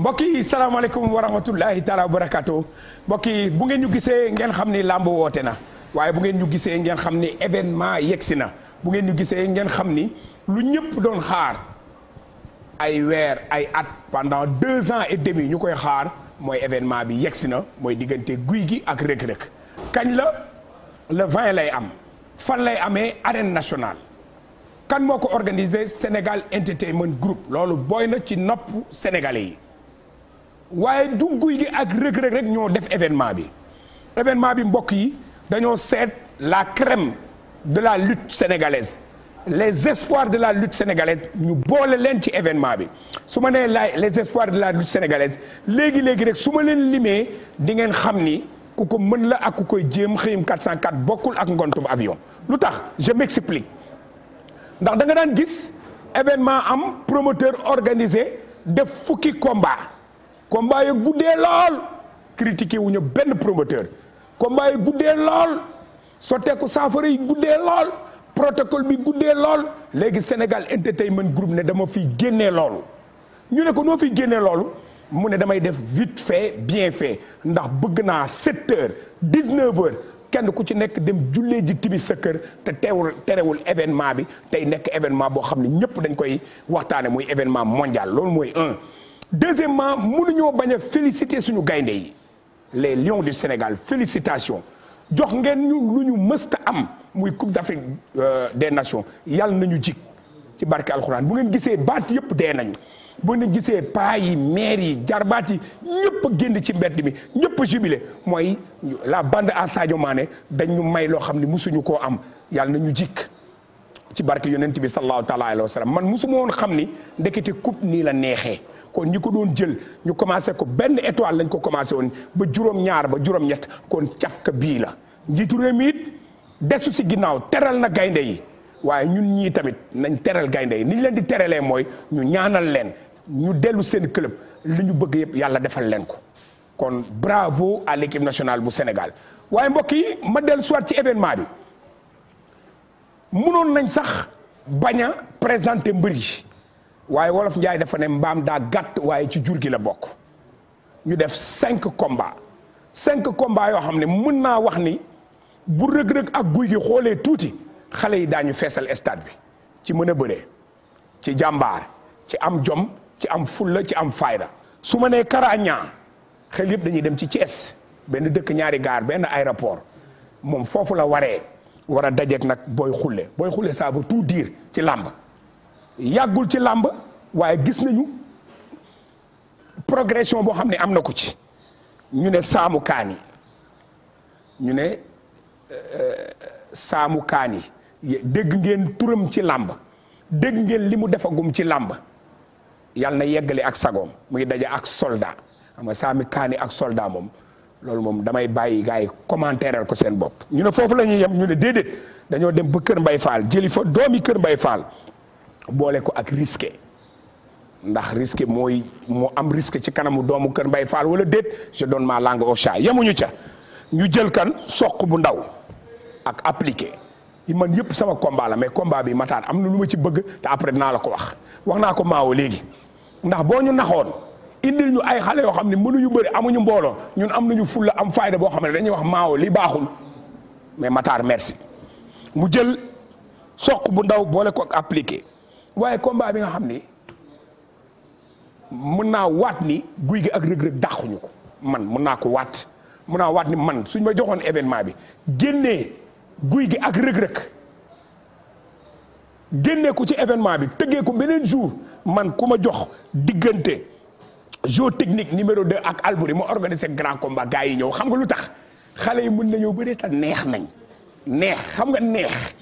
mbokk yi salaamaaleykum wa rahmatullahi taala wa barakaatu mbokk yi bu ngeen ñu gisee ngeen xam ni làmb woote na waaye bu ngeen ñu gisee ngeen xam ni événement yegsi na bu ngeen ñu gisee ngeen xam ni lu ñëpp doon xaar ay weer ay at pendant deux ans et demi ñu koy xaar mooy événement bi yegsi na mooy diggante guy gi ak rëg-rëg kañ la le 20 lay am fan lay amee arène nationale kan moo ko organisé Sénégal Entertainment Group loolu booy na ci nopp sénégalais yi waaye dugguy gi ak rëg-rëg rek ñoo def événement bi événement bi mbokk yi dañoo seet la crème de la lutte sénégalaise les espoirs de la lutte sénégalaise ñu boole leen ci événement bi su ma nee la les espoirs de la lutte sénégalaise léegi léegi rek su ma leen limee di ngeen xam ni ku ko mën la ak ku koy jéem xëyum 404 bokkul ak ngontum avion lu tax je m'explique ndax da nga daan gis événement am promoteur organisé def fukki combat combat yi guddee lool critiqué wu ñu benn promoteur combat yi guddee lool sotteeku saafara yi guddee lool protocole bi guddee lool léegi Sénégal Entertainment Group ne dama fiy génnee loolu ñu ne ko noo fi génnee loolu mu ne damay def vite fait bien fait ndax bëgg naa 7 heures 19 heures kenn ku ci nekk dem jullee ji tibi sa kër te teewul terewul événement bi tey nekk événement boo xam ne ñëpp dañ koy waxtaane muy événement mondial loolu mooy un deuxièmement mënuñoo bañ a féliciter suñu gaynde yi les lions du Sénégal félicitations jox ngeen ñu lu ñu mësta am muy coupe d'Afrique euh, des nations yàlla nañu jikk ci barke alxuraan bu ngeen gisee baat yëpp dee nañu bu ngeen gisee paa yi maire yi jarbaat yi ñëpp génn ci mbedd mi ñëpp jubilé mooy la bande à maane dañ ñu may loo xam ne musuñu koo am yàlla ñu jik ci barke yonent bi sallallahu taala alayhi wa man musuma woon xam ni ndekete coupe nii la neexee kon ñi ko doon jël ñu commencé ko benn étoile lañ ko commencé woon ba juróom-ñaar ba juróom-ñett kon cafka bii la njiitu réew mi it desu si ginnaaw teral na gaynde yi waaye ñun ñii tamit nañ teral gaynde yi ni leen di teralee mooy ñu ñaanal leen ñu dellu seen club li ñu bëgg yëpp yàlla defal leen ko kon bravo à l'équipe nationale bu Sénégal waaye mbokk yi ma dellu soit ci événement bi mënoon nañ sax bañ a présenter mbër yi waaye wolof njaay dafa ne mbaam daa gàtt waaye ci jur gi la bokk ñu def cinq combats cinq combats yoo xam ne mën naa wax ni bu rëg-rëg ak guy gi xoolee tuuti xale yi daañu feesal stade bi ci mën a bëree ci jàmbaar ci am jom ci am fulla ci am fayda su ma nee Karaña xel yëpp dañuy dem ci Thiès benn dëkk ñaari gaar benn aéroport moom foofu la waree wara a dajeek nag booy xulle booy xulle ça veut tout dire ci làmb yàggul ci làmb waaye gis nañu progression boo xam ne am na ko ci ñu ne saamu kaani ñu ne euh, saamu kaani dégg ngeen turam ci làmb dégg ngeen li mu defagum ci làmb yàlla na yeggale ak sagoom muy daje ak solda ama nga kaani ak solda moom loolu moom damay bàyyi gars yi commentaireel ko seen bopp ñu ne foofu lañuy ñuy ñu ne déedéet dañoo dem ba Kër Mbay Faal jëli fa doomi Kër Mbay Faal boole ko ak risqué ndax risqué mooy moo am risque ci kanamu doomu kër mbay faal wala déet je donne ma langue au chat yemuñu ca ñu jël kan soq bu ndaw ak appliqué yi man yëpp sama combat la mais combat bi mataar am na lu ma ci bëgg te après dinaa la ko wax wax naa ko maawo léegi ndax boo ñu naxoon indil ñu ay xale yoo xam ne mënuñu bëri amuñu mbooloo ñun am nañu fulla am fayda boo xam ne dañuy wax maawo li baaxul mais mataar merci mu jël soq bu ndaw boole ko ak waaye combat bi nga xam ni mën naa waat ni guy gi ak rëg-rëg dàquñu ko man mën naa ko waat mën naa waat ni man suñ ma joxoon événement bi génnee guy gi ak rëg-rëg ko ci événement bi tëggee ko beneen jour man ku ma jox diggante jeu technique numéro de ak Albouri ma organisé grand combat gars yi ñëw xam nga lu tax xale yi mën nañoo bëree te neex nañ neex xam nga neex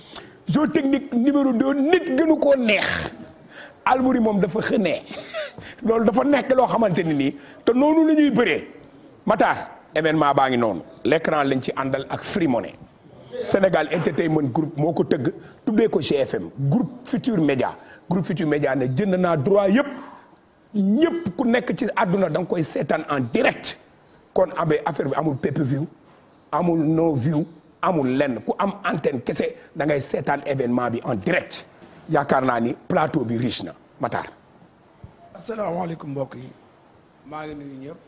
géotechnique numéro 2 nit gënu koo neex Albouri moom dafa xënee loolu dafa nekk loo xamante ni nii te noonu la ñuy bëree Matar événement baa ngi noonu l'écran lañ ci àndal ak Free Money Sénégal Entertainment Group moo ko tëgg tuddee ko GFM groupe Futur Média groupe Futur Média ne jënd naa droit yëpp ñëpp ku nekk ci àdduna da nga koy seetaan en direct kon abe affaire bi amul pay per amul no view amul lenn ku am antenne kese da ngay seetaan événement bi en direct yaakaar naa ni plateau bi riche na Matar. asalaamaaleykum mbokk yi maa ngi nuyu ñëpp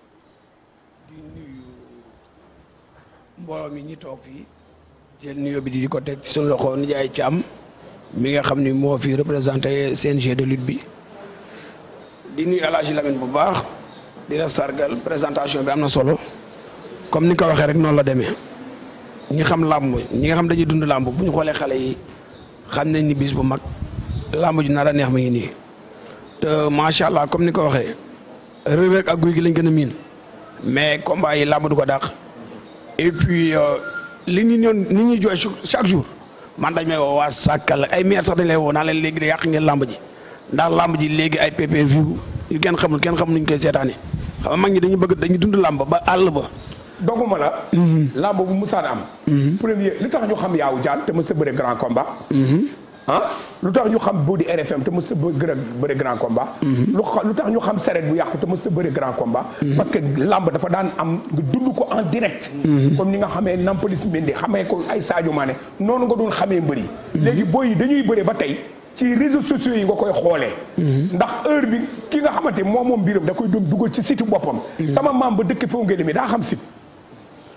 di nuyu mbooloo mi ñi toog fii jël nuyoo bi di ko teg ci loxo loxo Ndiaye Thiam mi nga xam ni moo fii représenté CNG de lutte bi di nuyu El Hadj Lamine bu baax dina sargal présentation bi am na solo comme ni ko waxee rek noonu la demee. ñu xam làmb ñi nga xam dañuy dund làmb bu ñu xoolee xale yi xam nañ ni bis bu mag làmb ju nar a neex mi ngi nii te macha allah comme ni ko waxee Reug Reug ak Gouye lañ gën a miin mais comme yi làmb ko dàq et puis euh, li ñu ñoon ni ñuy jooy man dañ may waa sàkkal ay maire sax dañ lay woo naa leen léegi yàq ngeen làmb ji ndax làmb ji léegi ay PPV yu xamul kenn xamul nuñ koy seetaane xam mag ñi dañu bëgg dañu dund làmb ba àll ba. doguma la. Mhm. lamb bu musaan am. Mhm. premier li tax ñu xam yaaw jaan te mës ta bëre grand combat. Mhm. ah lu tax ñu xam Bodi RFM te mës ta bëre grand combat. lu tax ñu xam saret bu yàqu te mës ta bëre grand combat. parce que lamb dafa daan am nga dund ko en direct. comme ni nga xamee Nampalys Mendy xamee ko ay Sadio Mané noonu nga doon xamee mbëri. léegi boo yi dañuy bëre ba tey. ci réseaux sociaux yi nga koy xoolee. ndax heure bi ki nga xamante moom moom mbiram da koy doon dugal ci site boppam. sama maam ba dëkk Fonguelemi daa xam site.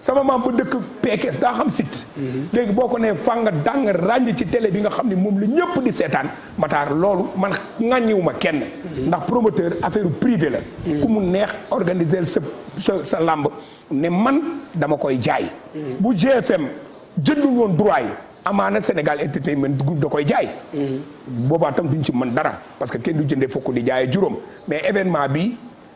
sama maam ba dëkk Pekes daa xam site. léegi boo ko nee fanga dàng ràññ ci télé bi nga xam ne moom la ñëpp di seetaan Matar loolu man ŋàññiwu ma kenn. ndax promoteur affaire privé la. ku mu neex organiser sa sa sa làmb ne man dama koy jaay. bu GFM jëndul woon droit yi. amaana Sénégal entertainment group da koy jaay. boobaa tam duñ ci mën dara parce que kenn du jëndee fokk di jaayee juróom mais événement bi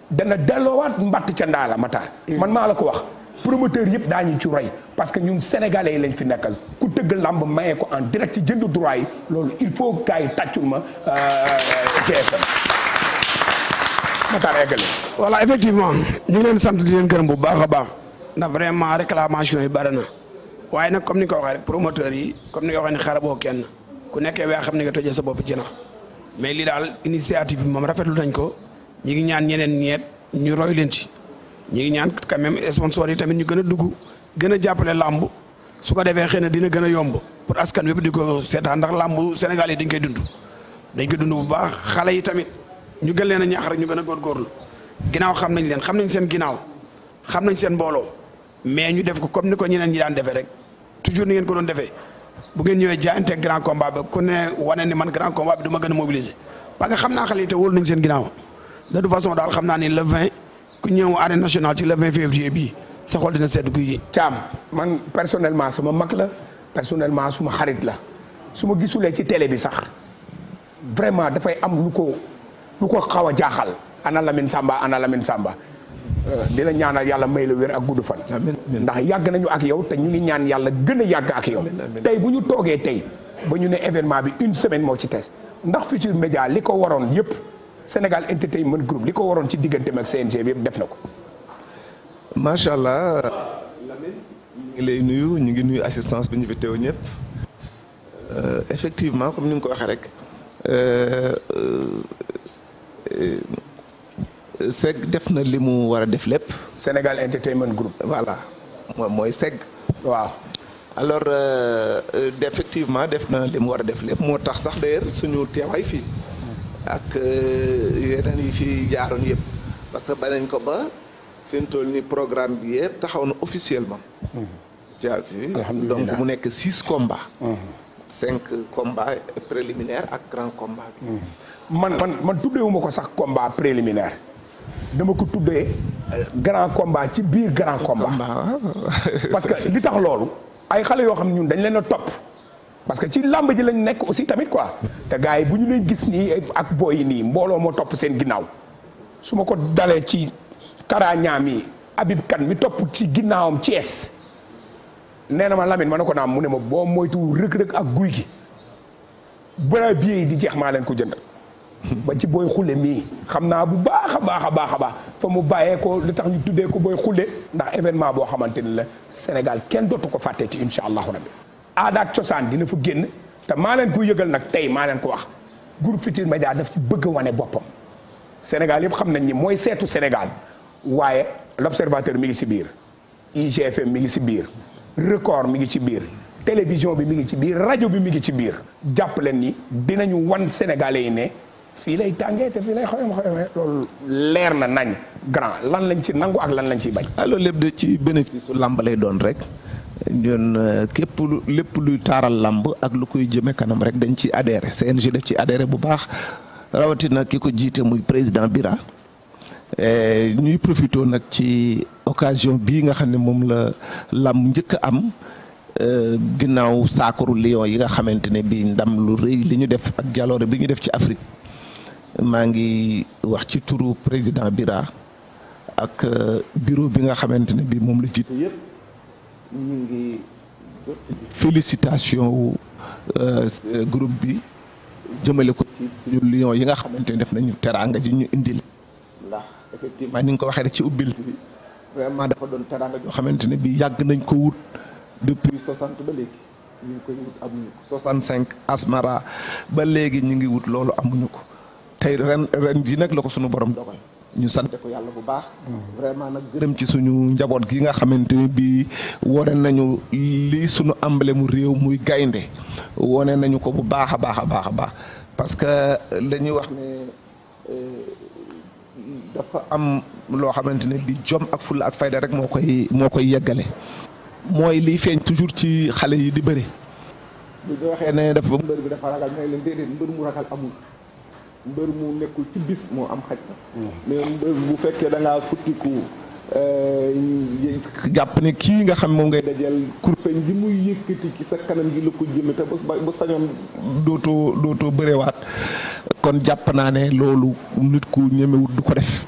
dana delloowaat mbatt ca ndaa la Matar. man maa la ko wax. promoteur yëpp daañu ci roy parce que ñun sénégalais yi lañ fi nekkal ku tëgg làmb mayee ko en direct ci jënd droit yi loolu il faut gars yi tàccul ma euh, GFM Matar eggale voilà ñu ngi leen sant di leen gërëm bu baax a baax ndax vraiment réclamation yi bari na waaye nag comme ni ko waxee promoteur yi comme ni nga ko waxee ne kenn ku nekkee waa xam ni nga tojee sa bopp ci nax mais lii daal initiative bi moom rafetlu nañ ko ñu ngi ñaan ñeneen ñeet ñu roy leen ci ñu ngi ñaan quand même ñu gën a dugg gën a jàppale làmb su ko defee xëy na dina gën a yomb pour askan wépp di ko seetaan dax làmb Sénégal yi dañ koy dund dañ koy dund bu baax xale yi tamit ñu gën leen a ñaax rek ñu gën góor góorgóorlu ginnaaw xam nañ leen xam nañ seen ginnaaw xam nañ seen mbooloo mais ñu def ko comme ni ko neen ñi daan defee rek toujours ni ngeen ko doon defee bu ngeen ñëwee jaayante grand combat ba ku ne wane ni man grand combat bi du ma gën a mobiliser parce que xam naa xale yi te wóolu nañ seen ginnaaw ku ñëw arène nationale ci le 20 février bii sa xol dina sedd guy. caam man personnellement suma mag la personnellement suma xarit la su ma gisulee ci télé bi sax vraiment dafay am lu ko lu ko xaw a jaaxal ana lamin Samba ana lamin Samba euh, di la ñaanal yàlla may la wér ak gudd fan. ndax yàgg nañu ak yow te ñu ngi ñaan yàlla gën a yàgg ak yow. tey bu ñu toogee tey ba ñu ne événement bi une semaine moo ci tes ndax Futurs Médias li ko waroon yëpp. Sénégal Entertainment Group li ko waroon ci digganteem ak CNG bi yëpp def na ko. macha allah. Lamine ñu ngi lay nuyu ñu ngi nuyu assistance bi ñu fi teew ñëpp. Euh, effectivement comme ni nga ko waxee rek. Euh, euh, SEG def na li mu war a def lépp. Sénégal Entertainment Group. voilà moom mooy SEG. waaw. alors euh, effectivement def na li mu war a def lépp moo tax sax d'ailleurs suñu teewaay fii. ak euh, yeneen yi fi jaaroon yëpp parce que banañ ko ba fi mu toll ni programme bi yëpp taxaw na officiellement jaa mm-hmm. fi donc mu nekk six combats mm-hmm. cinq combats préliminaires ak grand combat bi mm-hmm. man man man tuddewuma ko sax combat préliminaire dama ko tuddee euh, grand combat ci biir grand combat parce que li tax loolu ay xale yoo xam ne ñun dañ leen a topp parce que ci làmba ji lañ nekk aussi tamit quoi te gars yi bu ñu leen gis nii ak booy nii mbooloo moo topp seen ginnaaw su ma ko dalee ci karaañaam yi Habib kan mi topp ci ginnaawam Thiès nee na ma Lamine ma ne ko naam mu ne ma boo moytu rëg-rëg ak guy gi bara biye di jeex maa leen ko jënd ba ci booy xule mii xam naa bu baax a baax a baax a baax fa mu bàyyee ko li tax ñu tuddee ko booy xule ndax événement boo xamante ni la Sénégal kenn dootu ko fàttee ci incha allahu rabbi aadaak cosaan dina fa génn te maa leen ko yëgal nag tey maa leen ko wax groupe Futurs Médias daf ci bëgg wane boppam Sénégal yëpp xam nañ ni mooy seetu Sénégal waaye l'observateur mi ngi si biir IGFM mi ngi si biir record mi ngi ci biir télévision bi mi ngi ci biir rajo bi mi ngi ci biir jàpp leen ni dinañu wan sénégalais yi ne fii lay tàngee te fii lay xoyom xoyomee loolu leer na nañ grand lan lañ ci nangu ak lan lañ ci bañ. Ah, loolu lépp de ci bénéfice làmb lay doon rek. ñun euh, képp lu lépp luy taaral làmb ak lu koy jëme kanam rek dañ ci adhéré CNG def ci adhéré bu baax rawatina ki ko jiite muy président Bira ñuy profité nag ci occasion bii nga xam ne moom la làmb njëkk a am euh, ginnaaw saakaru Lions yi nga xamante ne bi ndam lu rëy li ñu def ak jaloore bi ñu def ci Afrique maa ngi wax ci turu président Bira ak euh, bureau bi nga xamante ne bi moom la jiite yëpp ñu ngi félicitation wu euh, groupe bi jëmale ko ci suñu lion yi nga xamante ni def nañu teraanga ji ñu indil ndax effectivement ni nga ko waxee rek ci ubbil bi vraiment dafa doon teraanga joo xamante ne bi yàgg nañ ko wut depuis soixante ba léegi ñu ngi koy wut amuñu ko asmara ba léegi ñu ngi wut loolu amuñu ko te ren ren ji nag la ko sunu borom dogal ñu sante ko yàlla bu baax. vraiment nag gërëm ci suñu njaboot gii nga xamante ni bii wone nañu lii suñu emblème mu réew muy gaynde wone nañu ko bu baax a baax a baax a baax parce que dañuy wax ne euh, dafa am loo xamante ne bii jom ak fulla ak fayda rek moo koy moo koy yeggale. mooy lii feeñ toujours ci xale yi di bëri. bu ñu waxee ne dafa mbër bi dafa ragal mooy leen déedéet mbër mu ragal amul. mbër mu nekkul ci bis moo am xaj mm. mais mbër bu fekkee da ngaa futtiku euh, jàpp ne kii nga xam moom ngay dajal kurpeñ bi muy yëkkati ci sa kanam gi la ko jëme te ba sañoon dootoo dootoo bërewaat kon jàpp naa ne loolu nit ku ñemewut du ko def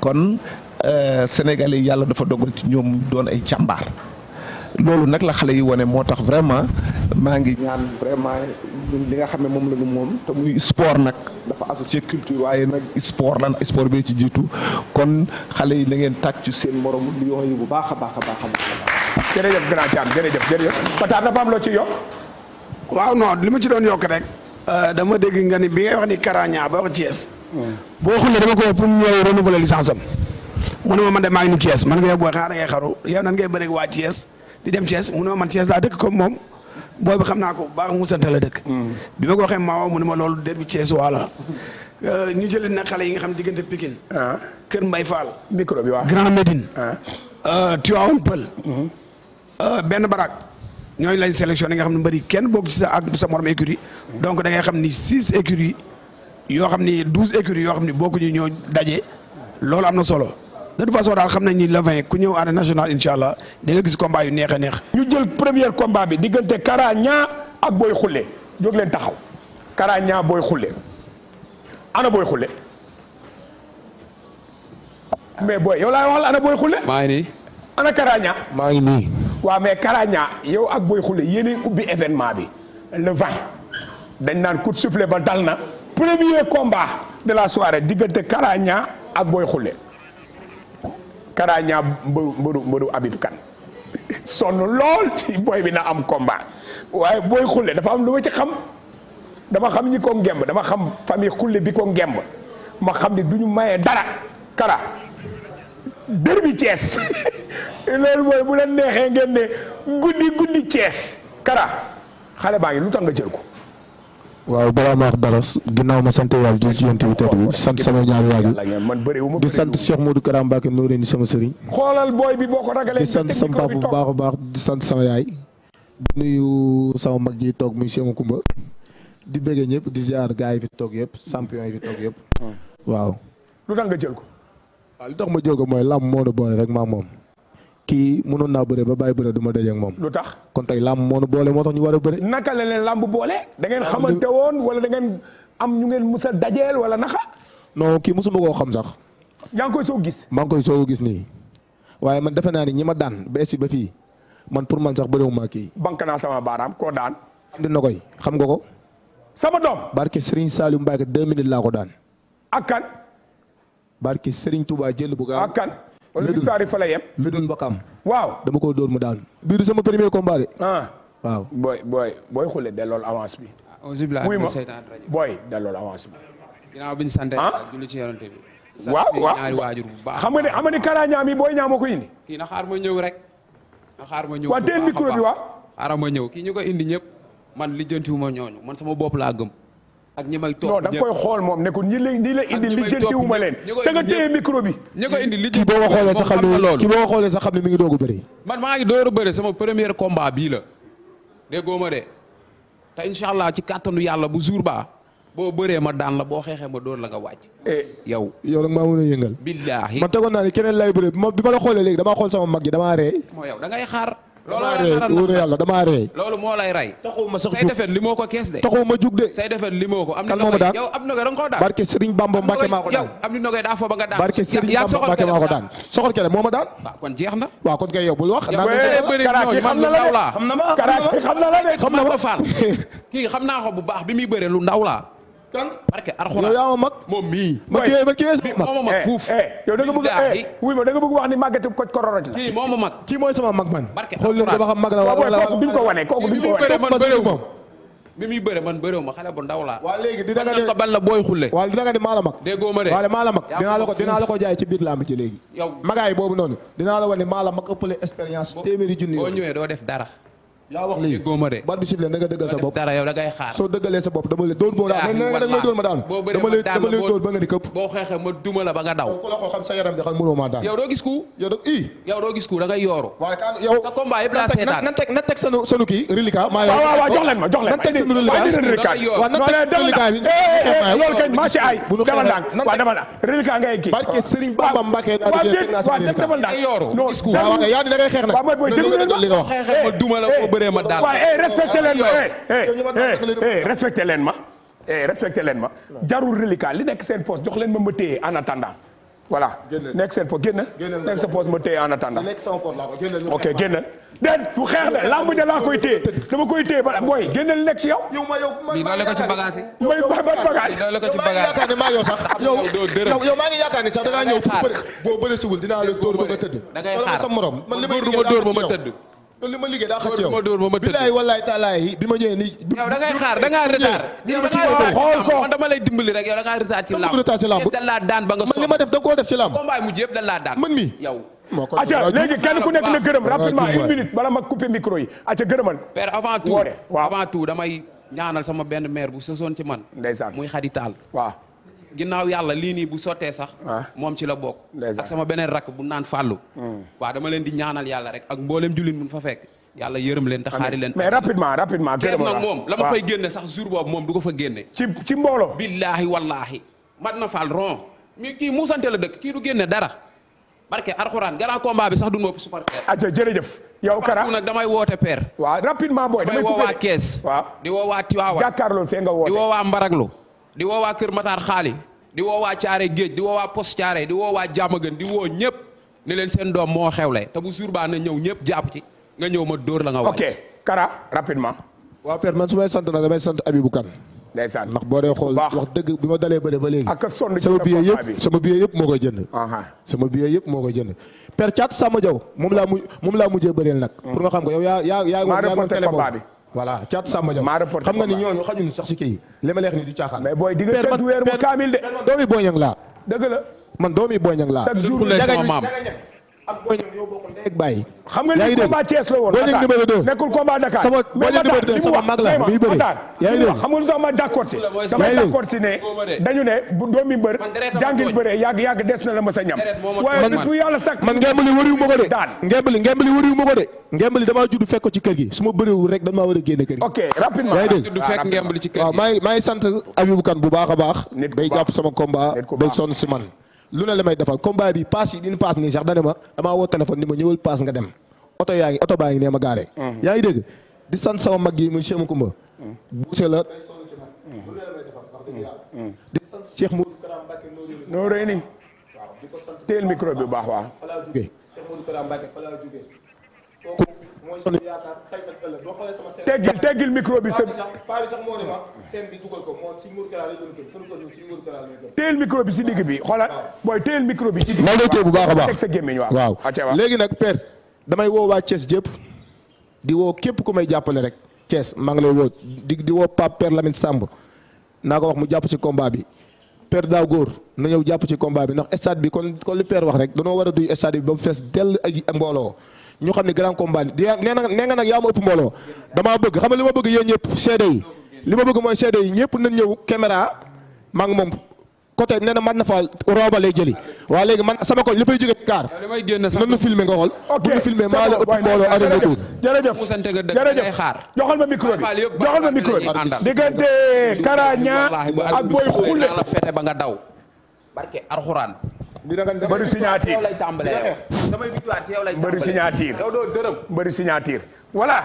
kon euh, sénégalais yàlla dafa dogal ci ñoom doon ay jàmbaar loolu nag la xale yi wane moo tax vraiment maa ngi ñaan vraiment ñun li nga xam ne moom la ñu moom te muy sport nag dafa associé culture waaye nag sport lan sport bee ci jiitu kon xale yi na ngeen tàcc seen morom lion yi bu baax a baax a baax a baax. jërëjëf grand Thiam jërëjëf jërëjëf Fatar dafa am loo ci yokk. waaw non li ma ci doon yokk rek. Euh, dama dégg nga ni bi ngay wax ni Karaña ba wax Thiès. Hmm. boo xoolee dama ko wax pour mu ñëw renouveler licence am. mu ne maa ngi ni Thiès man nga yow booy xaar ngay xaru yow nan ngay bëreeg waa Thiès. di dem Thiès mu ne ma man Thiès laa dëkk comme moom booy bi xam naa ko bu baax mu sant la dëkk. bi ma ko waxee Maawa mu ne ma loolu derbi Thiès waa la euh, ñu jëlee na xale yi nga xam ne diggante Pikine. Ah. Kër Mbay faal micro bi waaw Grand Médine. Ah. Euh, Tivaouane Peul. Mhm. Euh, benn ñoo ñooñu lañ sélectionné nga xam ne mbëri kenn bokk ci sa ak sa morom écurie donc da xam ni six écuries yoo xam ni douze écuries yoo xam ni bokkuñu ñoo daje loolu am na solo. de toute façon daal xam nañ ni le 20 ku ñëw arène nationale incha allah di nga gis combat yu neex a neex. ñu jël premier combat bi diggante Kara Niang ak Boy Khoule jóg leen taxaw Kara Niang Boy Khoule ana Boy Khoule mais booy yow laay waxal ana Boy Khoule. maa ngi nii. ana Kara Niang. maa ngi mais Kara yow ak Boy Khoule yéenay ubbi événement bi le 20 dañ naan coup de ba dal na premier combat de la soirée diggante Kara Niang ak Boy Khoule. karaañaa mbëru mbëru abit kan sonn lool ci booy bi na am combat waaye booy xulle dafa am lu ma ci xam dama xam ñi ko ngemb dama xam famille xulle bi ko ngemb ma xam ni du ñu maye dara kara derbi Thiès loolu mooy bu leen neexee ngeen ne guddi guddi cees kara xale baa ngi lu tax nga jël ko waaw balaa ma wax dara ginnaaw ma sant yàlla jul ci yonent bi tedd bi sant sama ñaari waajur di sant Cheikh Modou Kara Mbacké nooree ni sama sëriñ xoolal booy bi boo ko ragalee di sant sama papa bu baax a baax di sant sama yaay di mag ji toog muy Cheikh Makumba di bëggee ñëpp di ziar gaa yi fi toog yëpp champion yi fi toog yëpp ah. waaw lu tax jël ko lu tax ma jël ko mooy làmb moo nu boole rek maa moom kii mënoon naa bëre ba bàyyi bëre du ma dajeeg moom. lu tax kon tey làmb moo boole moo tax ñu war bëre. naka la leen làmb boole. da ngeen xamante woon wala da ngeen am ñu ngeen mus a dajeel wala naxa. non kii mosuma koo xam sax. yaa ngi koy soo gis. maa ngi koy soo gis ñi ma daan ba si ba fii man pour man sax bëriwuma kii. banque naa sama baaraam koo daan. dina koy xam nga ko. sama doom. barke Serigne Saliou Mbacke deux minutes laa ko daan. ak kan. barke Serigne jël bu gaaw wala victoire yi fa la yem. Médoune waaw dama ko dóor mu daal. bii du sama premier combat de. ah waaw. booy booy booy xule dellool avance bi. muy ah, ma booy dellool avance bi. ginnaaw bi ñu sant ah. julli ci bi. waaw waaw ñaari waajur bu baax. xam nga ne xam nga ne kala ñaam yi booy ñaama ko indi. kii na xaar ma ñëw rek. na xaar ma ñëw bu baax a baax waaw teel micro bi ma ñëw kii ñu ko indi ñëpp man lijjantiwuma ñooñu man sama bopp laa gëm ak ñi may toog non da koy xool moom ne ko ñi la ñi la indi lijjantiwuma leen te nga téye micro bi ko boo ko xoolee sax xam ne loolu boo ko xoolee ne ngi doogu bëri ma maa ngi dooru bëri sama premier combat bii la déggoo ma de te incha allah ci kattanu yàlla bu jour ba boo bëree ma daan la boo xeexee ma dóor la nga wàcc eh. yow yow nag maa mën a yëngal billaahi man tegoon naa ne keneen lay bëree bi ma la xoolee léegi dama xool sama mag yi damaa ree moo yow da ngay xaar loolu yàlla damaa rey. loolu moo lay rey. taxaw ma sax jug say defet limoo ko kees de. taxaw ma jug de. say defet ko. kan daan na barke Serigne Bamba Mbacke maa daan. am na ko daa foo ba soxor kele moo ma daan. kon jeex na. waaw kon kay yow bul wax. karaaki xam na xam na la de. xam na ma naa bu baax bi muy bëre lu ndaw laa kan parce que ma mag moom mii. ma kii ma kii ma ma mag eh, fuuf. Eh, yow da nga eh, wax ni màggatu ko kororoj la. kii moo ma mag kii mooy sama mag man. barke xool leen dama xam mag la ko wane kooku bi ñu ko wane. bi muy bëre man bëreew ma xale bu ndaw dina nga ko ban dina nga ko dinaa la ko jaay ci biir làmb ci léegi. magaay boobu noonu dinaa la wane maa la mag ëppale expérience téeméeri junni boo def dara yaa wax lii góoma de bar bi sifle da nga dëggal sa bopp dara yow da ngay xaar soo dëggalee sa bopp dama lay doon boo daan mais da nga doon ma daan dama doon ba nga ni këpp boo xeexee ma duma ba nga daw ku la da ngay yooru waaye kan yow sa combat yëpp laa seetaan na teg na sanu sanu kii reliquat maa yow jox leen ma jox leen ma na teg sanu reliquat waaw na teg bi loolu kay marché ay dama daan waaw dama daan reliquat ngay kii barke Serigne Bamba Mbacké da ngay xeex nag waaw mooy booy déglu li nga wax xeexee ma eh, duma la eh. bëree ma daal waaye eh, eh, eh, respecté leen ma eh respecté ma eh respecté leen jarul reliquat li nekk seen poste jox leen ma ma téye en attendant voilà nekk seen poste génn nekk sa poste ma téye en attendant ok génnal déet koy téye dama koy téye ba booy génnal nekk ci yow bi doole ko ci bagage yi may ko ci bagage yaakaar ne maa yow sax yow yow maa ngi yaakaar ne sax da ngaa ñëw boo bëri sugul dinaa la dóor ba da ngay xaar sa morom man ma tëdd loolu li ma liggéey daa xaj ci yow billaay bi ma ñëwee nii. yow xaar da ngaa retard. yow da ngaa retard man dama lay dimbali rek yow da ngaa retard ci lamb. daan ba nga man def da koo def ci lamb. combat mi acca léegi kenn ku nekk na gërëm rapidement une minute bala ma couper micro yi acca gërëmal. père avant tout damay ñaanal sama benn maire bu sosoon ci man. ndeysaan muy xaditaal waaw ginnaaw yàlla lii nii bu sottee sax. Ah. moom ci la bokk. ak sama beneen rakk bu naan fàllu. Hmm. waa dama leen di ñaanal yàlla rek ak mboolem jullit mun fa fekk. yàlla yërëm leen te xaari leen. mais rapidement rapidement. kees nag moom la ma fay génne sax jour boobu moom du ko fa génne. ci ci mbooloo. billaahi wallaahi. mat na fal ron. mi kii muusante la dëkk kii du génne dara. barke alxuraan grand combat bi sax du ma supporter. atia jërëjëf. yow Kara nag damay woote père. waaw rapidement booy damay woo waa kees. waaw di woo waa Tiwaawan. jàkkaarloo nga woote di woo waa Mbaraglo. di woo waa Kër Matar xaali di woo waa Caare Géej di woo waa Poste Caare di woo waa Diamaguène di woo ñëpp ne leen seen doom moo xewle te bu jour baa na ñëw ñëpp jàpp ci nga ñëw ma dóor la nga wàcc. ok Kara rapidement. waaw Père man su may sant na damay sant Abibou Kane. ndeysaan ndax boo dee xool wax dëgg bi ma dalee bëre ba léegi. ak sonn sama billet yëpp sama billet yëpp moo ko jënd. sama billet yëpp moo koy jënd. Père Thiat Samba Diaw moom laa mujj moom laa mujjee bëreel nag. Mm. pour nga xam ko yow yaa yaa yaa ngi woon yaa ngi voilà caat Samba Diaw xam nga ni ñooñu xajuñu sax si kii li ma leex du caaxaan. mais booy diggante du weer kaamil de. doomi Boy Niang laa. ak Boy Niang ñoo bokkul la woon. Boy Niang numéro nekkul combat Dakar. xam nga ma d'accord ci. dama d'accord ci ne dañu ne bu doomi mbër bëre yàgg yàgg des na la ma sa ñam. waaye bis bu yàlla sakk man ngembali wëriwu ma ko de. daan ngembali judd fekk ci kër gi su ma bëriwul rek dañ maa war a génne kër gi. ok rapidement yaa ngi dégg bu baax a baax. day jàpp sama combat day sonn si man lu ne la may defal combat bi paas yi bi ñu paas nii sax dane ma damaa woo téléphone ni ma ñëwal paas nga dem oto yaa ngi oto baa ngi nee ma gaaree. Mhm. yaa dégg di sant sama mag yi muy Cheikh Makumba. Mhm. buuse la. Mhm. di sant Cheikh Moudou Karam bu baax waa. mooy sunu yaakaar tey ak ëllëg boo xoolee sama seen. teggil teggil micro bi seen. paa bi sax moo ne ma seen bi dugal ko moo si Mour Kara la doon gën sunu kër ñun si Mour Kara la doon gën. téyel micro bi si digg bi xoolal booy téyel micro bi. ci digg bi teg bu baax a baax teg sa gémmiñ waaw. waaw léegi nag père damay woo waa Thiès jëpp di woo képp ku may jàppale rek Thiès maa ngi lay woo di di woo Pape Père Lamine Samb naa ko wax mu jàpp ci combat bi père daaw góor na ñëw jàpp ci combat bi ndax stade bi kon kon li père wax rek danoo war a duy stade bi ba mu fees dell ak mbooloo ñu xam ne grand combat di nee na nee nga nag yaa ma ëpp mbooloo damaa bëgg xam nga li ma bëgg yéen ñëpp seede yi li ma bëgg mooy seede yi ñëpp nañ ñëw caméra maa ngi moom côté nee na man na fa rooba lay jëli waa léegi man sama ko li fay jóge kaar nan nu filmer nga xool bu ñu filmer maa la ëpp mbooloo ada nga tuur jërëjëf jërëjëf joxal ma micro bi joxal ma micro bi diggante Kara Niang Boy Khoule ba nga daw barke Alxuraan mbëri signature mbëri signature mbëri signature voilà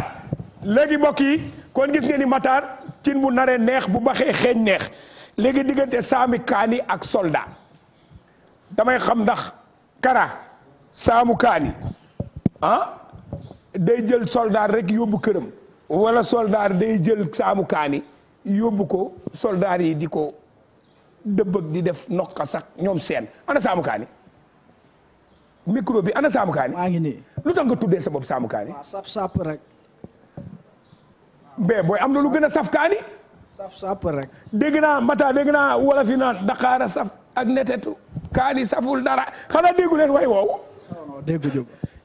léegi mbokk yi kon gis ngeen ni Matar cin bu naree neex bu baxee xeeñ neex léegi diggante saami kaani ak soldat damay xam ndax kara saamu kaani ah day jël soldat rek yóbbu këram walla soldat day jël saamu kaani yóbbu ko soldat yi di ko dëbbëg di def nokka sax ñoom seen ana Saamu Kaani micro bi ana Saamu Kaani maa ngi nii lu tax tuddee sa bopp Saamu Kaani waaw mais booy am na lu gën a saf kaani saf sap rek dégg naa mbata dégg naa wala fi naan daqaara saf ak netetu kaani saful dara xanaa déggu way wow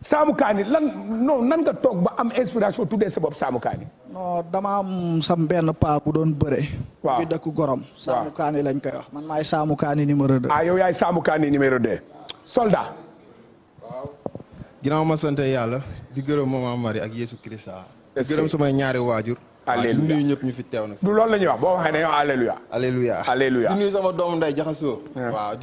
Saamu Kaani lan non nan toog ba am inspiration tuddee sa bopp Saamu Kaani. non dama sam benn paa bu doon bëre. waaw bi dëkk Gorom. waaw Saamu Kaani lañ koy man maay Saamu Kaani numéro 2. ah yow yaay Saamu Kaani numéro 2. soldat. waaw. ma sant yàlla di gërëm maman Marie ak yéesu Christa. di gërëm samay ñaari waajur. alléluia nuyu ñëpp ñu fi teew nag. du loolu la ñuy wax boo waxee dañuy wax alléluia. di nuyu sama doomu nday jaxasoo. Ah. waaw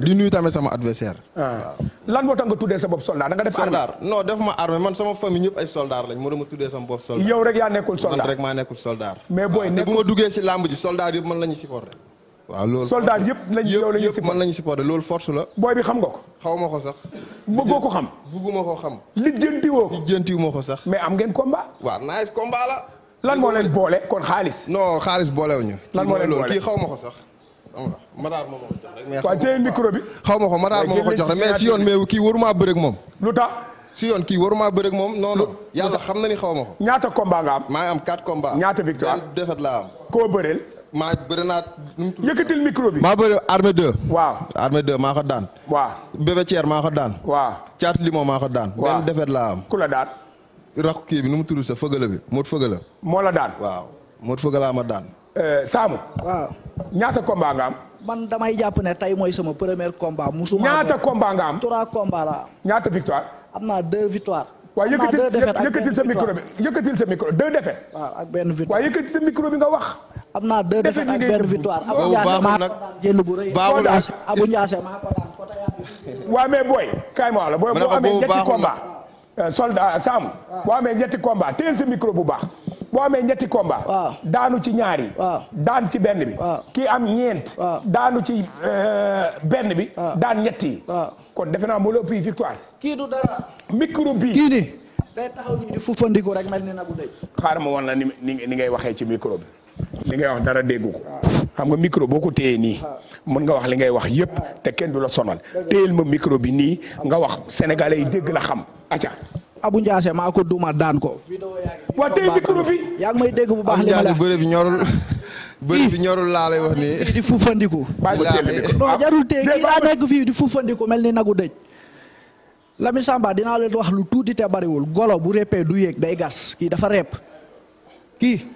di nuyu tamit sama adversaire. Ah. lan moo tax nga tuddee sa bopp soldat da nga def. armée non def ma armée man sama famille ñëpp ay soldat lañ moo dama tuddee sama bopp soldat. yow rek yaa nekkul soldat man rek maa nekkul soldat. mais booy nekkul bu ma duggee si làmb ji soldat yëpp man la ñu supporté. waaw force la. booy bi xam nga ko. xaw ma ko sax. bëggoo ko xam. bëgguma ko xam. lijjantiwoo lijjantiwuma ko sax. mais am ngeen combat. waaw nice combat la lan moo leen boole kon xaalis. non xaalis boolewuñu. lan moo boole kii xaw ma ko sax. xam nga Mataar ko jox rek. mais waaw téye micro bi. xaw ma ko Mataar moom moo ko jox rek mais si yoon mais kii waruma bëre ak moom. lu tax. si yoon kii waruma bëre ak moom non non. yàlla xam na ni xaw ma ñaata combat nga am. maa ngi am 4 combats. ñaata victoire benn défaite laa am. koo bëreel. maa bëri naa nu mu tudd. yëkkatil micro bi. maa bëri armée 2. waaw armée 2 maa ko daan. waaw bébé Thier maa ko daan. waaw caat limo maa ko daan. waaw benn laa rakk kii bi nu mu tudd sa fëgala bi Modou fëgala. moo la daan waaw Modou fëgala ma daan. Eh, Saamu. waaw ñaata combat nga man damay jàpp ne tey mooy sama premier combat. musuma ñaata combat nga am. trois combat la am. ñaata victoire. am na deux victoire. waaw yëkkatil sa micro bi yëkkatil sa micro bi nga wax. am na deux défaites ak benn victoire. abu njaase maa ko daan jël bu rëy. abu njaase maa ko daan foto yaa. waaw mais booy. kaay ma wax la booy boo amee ñetti combat. Euh, solda euh, Saamu. Ah. boo amee ñetti combat téel sa micro bu baax. boo amee ñetti komba ah. daanu ci ñaari. Ah. daan ci benn bi. kii am ñeent. daanu ci euh, benn bi. daan ñetti. kon defe naa moo la ëpp victoire. kii du dara. micro bi kii ni day taxaw fufandiku rek mel ni nagu dey. xaaral ma woon ni ni ngay waxee ci micro bi. li ngay wax dara dégg ko xam nga micro boo ko téyee nii mën nga wax li ngay wax yëpp te kenn du la sonal téyel ma micro bi nii nga wax sénégalais yi dégg la xam aca Abou Ndiassé maa ko daan ko yaa ngi may dégg bu bi ñorul bëri bi di fufandiku non jarul téye kii daa nekk fii di fufandiku mel ni nagu dëj Lamine Samba dinaa leen wax lu tuuti te bariwul golo bu reppee du yéeg day gas kii dafa repp kii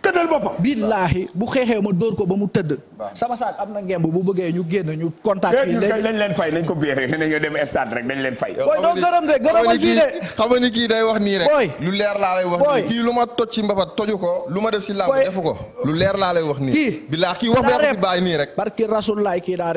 tëddal boppam. billaahi bu xeexee ma dóor ko ba mu tëdd. sama saak am na ngemb bu bëggee ñu génn ñu contact. fii léegi dañ leen fay nañ ko biir rek leen fay. booy doo gërëm de gërëmal fii de. wax nii leer laa lay lu ma toj ci mbapat toju ko lu ma def si làmb defu ko. lu leer laa lay wax nii. kii billaahi ba ci la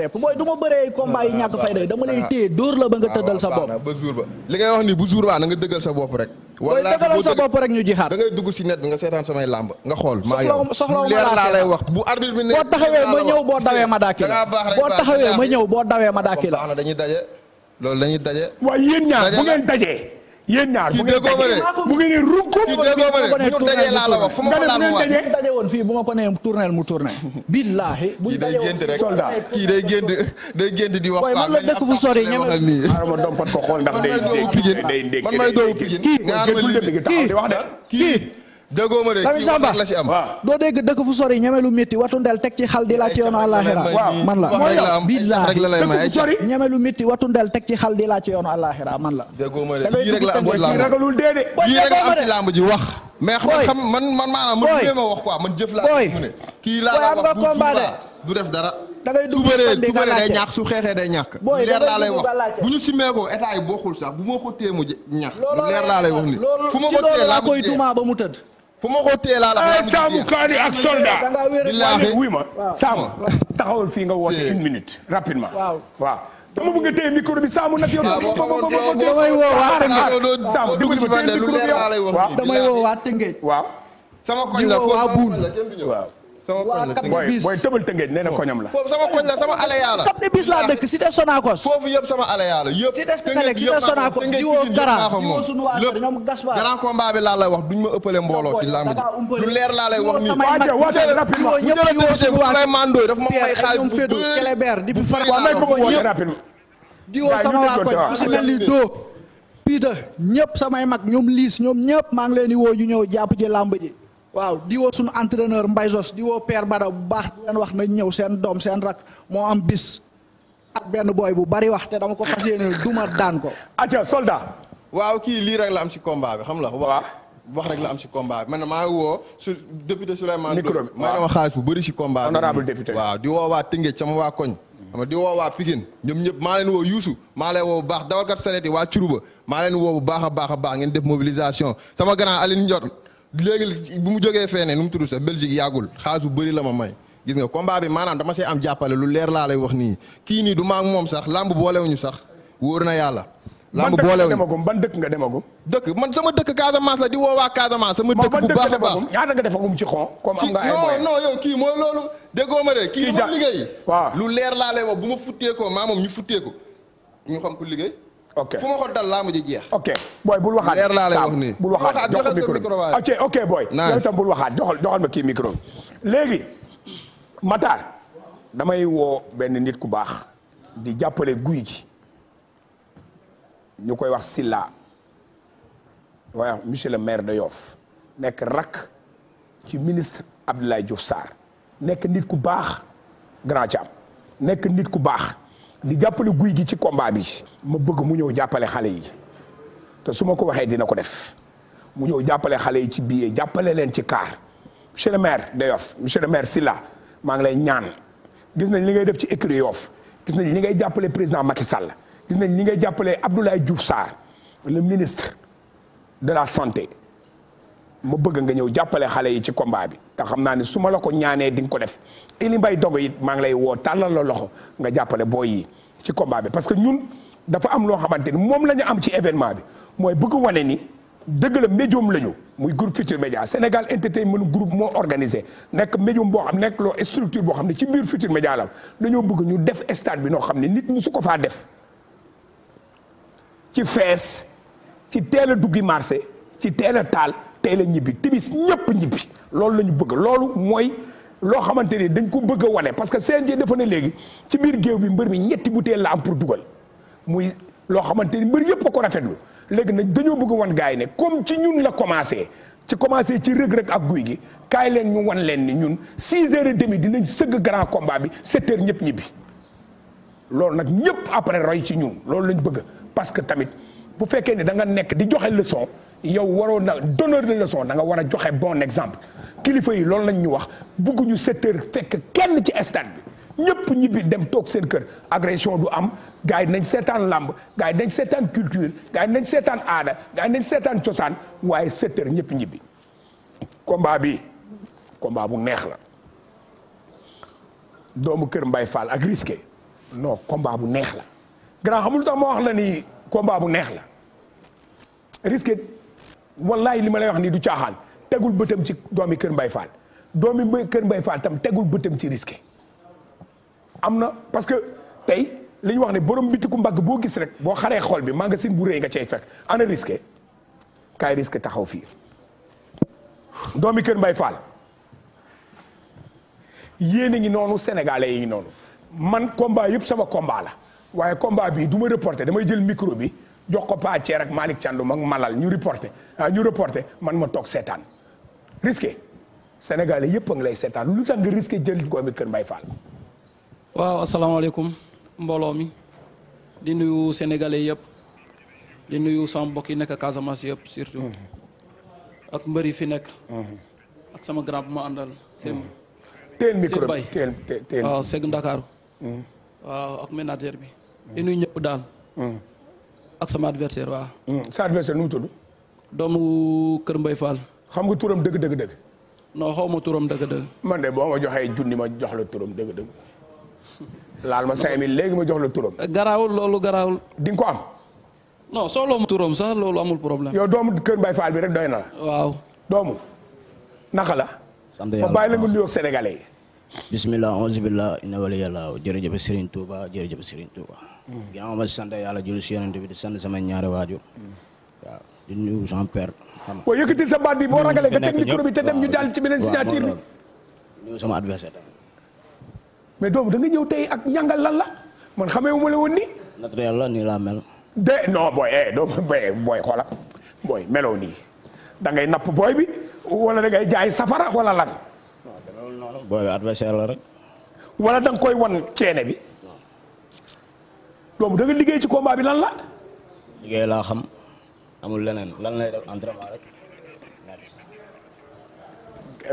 ba nga ah, tëddal sa bopp. ba jour ba li ngay wax bu jour ba na nga dëggal sa bopp rek. booy dëggalal sa bopp rek ñu jixaat da ngay dugg si net bi nga seetaan samay làmb nga xool xool. maa yow soxlawu leer laa lay wax bu arbitre bi ne boo taxawee ma ñëw boo dawee ma dàkki la boo taxawee ma ñëw boo dawee ma dàkki la. dañuy daje loolu dañuy daje. waaw yéen ñaar bu ngeen dajee. yéen ñaar bu ngeen dajee bu ngeen rukum. bu ñu dajee laa la wax fu ma ko laal mu waat daje woon fii bu ma ko nee mu tourné. billaahi bu ñu dajee woon soldat kii day gént di wax. waaye man la dëkk fu sori ñeme. ma dompat ko xool ndax day day day dégg. man may doowu Pikine kii kii déggoo ma de Lamine Samba la ci am doo dégg dëkk fu sori ñeme lu métti watundel teg ci xal di laaj ci yoonu àllaaxira man la billaahi ñeme lu métti watundel teg ci xal di laaj ci yoonu àllaaxira man la déggoo ma de yii rek la am ci lamb yii am wax mais man man maanaam man lu ma wax ko man jëf laa mu ne kii laa la a bu du def dara da ngay dugg bi nga laajte su su xeexee day ñàkk. booy leer laa lay wax bu ñu simmee sax bu ma ko téye mu ñàkk. leer laa lay wax ni fu ma ko koy tuuma ba mu tëdd. fu ma ko téye laa la eh, Saamu Kaani ak soldat wuy ma Saamu taxawal fii nga woote une minute rapidement waaw dama bëgg a téye micro bi Saamu nag yow damay woowaat Saamu dugg si ma ne lu leer laa lay wax damay woowaat Tëngéej waaw sama koñ la waaw buun waaw sama koñ la booy tëbal tëngéej nee na koñam la. sama koñ la sama alaya la. Cap de Biche laa dëkk cité Sonacos. foofu yëpp sama alaya la yëpp. cité Sénélec cité Sonacos jiwoo Gara jiwoo sunu waa kër ñoom Gaspar. grand combat bi laa lay wax duñ ma ji. lu ñëpp jiwoo ma may xaalis bu sama waa koñ ku si mel doo. Peter ñëpp samay mag ñoom liis ñoom ñëpp maa ngi leen di woo ñu ñëw jàpp ci lamb ji waaw di woo suñu entraîneur Mbaye Jos di woo Père Bada bu baax di wax na ñëw seen doom seen rak moo am bis ak benn booy bu bari wax te dama ko fas yéene duma daan ko. acca kii lii rek la am ci combat bi xam la wax wax rek la am ci combat bi man maa ngi woo su député Souleymane Ndoye micro bi may dama bu bëri ci combat bi. honorable député di woo waa Tëngéej sama waa koñ. xam nga di waa Pikine ñoom ñëpp maa leen woo Youssou maa leen woo bu baax dawalkat sareet yi waa Curuba maa leen woo bu baax a baax a baax ngeen def mobilisation sama grand Aline Ndiot léegi bu mu jógee feene nu mu tudd sax Belgique yàggul xaalis bu bari la ma may gis nga combat bi maanaam dama see am jàppale lu leer laa lay wax nii kii nii du maam moom sax làmb boolewuñu sax wóor na yàlla. làmb boolewuñu ban dëkk nga demagum dëkk man sama dëkk Casamance la di woo waa Casamance. sama dëkk bu baax a baax ñaata nga defagum ci xon. comme am nga ay moyens non non yow kii mooy loolu. déggoo ma de kii li liggéey. waaw lu leer laa lay wax bu ma futteekoo maa moom ñu futteeku ñu xam ku liggéey ok fu ma ko dal laa mujj bul waxaat. leer laa lay wax nii bul waxaat joxal micro ok ok booy. yow itam bul waxaat joxal joxal ma kii léegi Matar damay woo benn nit ku baax di jàppale guy ji ñu koy wax Silla waaye monsieur le maire de Yoff nekk rak ci ministre Abdoulaye Diouf Sarr nekk nit ku baax Grand Thiam nekk nit ku baax. di jàppale guy gi ci combat bi ma bëgg mu ñëw jàppale xale yi te su ma ko waxee dina ko def mu ñëw jàppale xale yi ci billet jàppale leen ci kaar monsieur le maire de Yoff monsieur le maire Silla maa ngi lay ñaan gis nañ li ngay def ci écurie Yoff gis nañ li ngay jàppale président Macky Sall gis nañ li ngay jàppale Abdoulaye Diouf Sarr le ministre de la santé ma bëgg nga ñëw jàppale xale yi ci combat bi te xam naa ne su ma la ko ñaanee di nga ko def Ilim Mbaye Dogo it maa ngi lay woo tàllal la loxo nga jàppale booy yi ci combat bi parce que ñun dafa am loo xamante ni moom la ñu am ci événement bi mooy bëgg wane ni dëgg la médium la ñu muy groupe Futur Sénégal Entertainment groupe moo organisé nekk médium boo xam nekk loo structure boo xam ne ci biir Futur Média la dañoo bëgg ñu def stade bi noo xam ne nit ñi su ko faa def ci fees ci teel a duggi marché ci teel a taal. tey a ñibbi tibis ñëpp ñibbi loolu la ñu bëgg loolu mooy loo xamante ni dañ ko bëgg a wane parce que CNG dafa ne léegi ci biir géew bi mbër mi ñetti butéel la am pour dugal muy loo xamante ni mbër yëpp a ko rafet lu léegi nag dañoo bëgg wan gars yi ne comme ci ñun la commencé ci commencé ci rëg-rëg ak guy gi kaay leen ñu wan leen ni ñun 6 heures demi dinañ sëgg grand combat bi 7 heures ñëpp ñibbi loolu nag ñëpp après roy ci ñun loolu lañ bëgg bu fekkee ni da nga nekk di joxe leçon yow waroon na donneur de leçon da nga war a joxe bon exemple kilifa yi loolu lañ ñu wax bugguñu sept heures fekk kenn ci stade bi ñëpp ñibbi dem toog seen kër agression du am gars yi nañ seetaan làmb gars yi nañ seetaan culture gars yi nañ seetaan aada gars yi nañ cosaan waaye sept heures ñëpp ñibbi combat bi combat bu neex la doomu kër mbay Fall ak risqué non combat bu neex la grand xamul tax wax la combat bu neex la risqué wallaay li ma lay wax nii du caaxaan tegul bëtam ci doomi Kër Mbay Fall doomi Kër Mbay Fall tam tegul bëtam ci risqué am na parce que tey li ñu wax ne borom bitiku mbagg boo gis rek boo xaree xol bi magasin bu rëy nga cay fekk ana risqué kaay risqué taxaw fii doomi Kër Mbay Fall yéen a ngi noonu sénégalais yi ngi noonu man combat yëpp sama combat la waaye comme combat bii du ma reporté damay jël micro bi jox ko Pa Thier ak Malick Thiandoum ak Malal ñu reporté ah, ñu reporté man ma toog seetaan risqué Sénégalais yëpp a ngi lay seetaan lu tax nga risqué jël doomi Kër Mbaye Fall. waaw asalaamaaleykum mbooloo mi di nuyu sénégalais yëpp di nuyu sama mbokk yi nekk Casamance yëpp surtout mm-hmm. ak mbër yi fi nekk. Mm-hmm. ak sama grand bu ma àndal. Mm-hmm. Ndakaaru. waaw ak ménagère bi. di nuyu ñëpp daal. Hmm. ak sama adversaire waaw. Hmm. sa adversaire nu mu tudd. doomu Kër mbay Fall. xam nga turam dëgg dëgg dëgg. non xaw ma turam dëgg dëgg. man de boo ma joxee junni ma jox la turam dëgg dëgg. laal ma cinq mille léegi ma jox la turam. garaawul loolu garaawul. di ko am. non soo loomu turam sax loolu amul problème. yow doomu Kër Mbaye Fall bi rek doy na la. waaw doomu naka sant yàlla ma bàyyi la nga nuyoog sénégalais bismillah onze billah ina wali yàlla jërëjëf Serigne Touba jërëjëf Serigne Touba. Hmm. ginnaaw ma sant yàlla julli si yonent bi di sant sama ñaari waaju hmm. waaw di nuyu sama père. xam nga yëkkatil sa baat bi boo ragalee nga teg micro bi te dem ñu daal ci beneen signature bi. nuyu sama adversaire tamit. mais doomu da ñëw tey ak ñàngal lan la man xamee wu ma la woon nii. naturel laa mel. de non booy eh doomu booy booy xoola booy meloo nii da napp booy bi wala da jaay safara wala lan. loolu noonu booy adversaire la rek. wala da koy wan ceene bi. doomu da nga liggéey ci combat bi lan la. liggéey laa xam amul leneen lan lay def entraînement rek.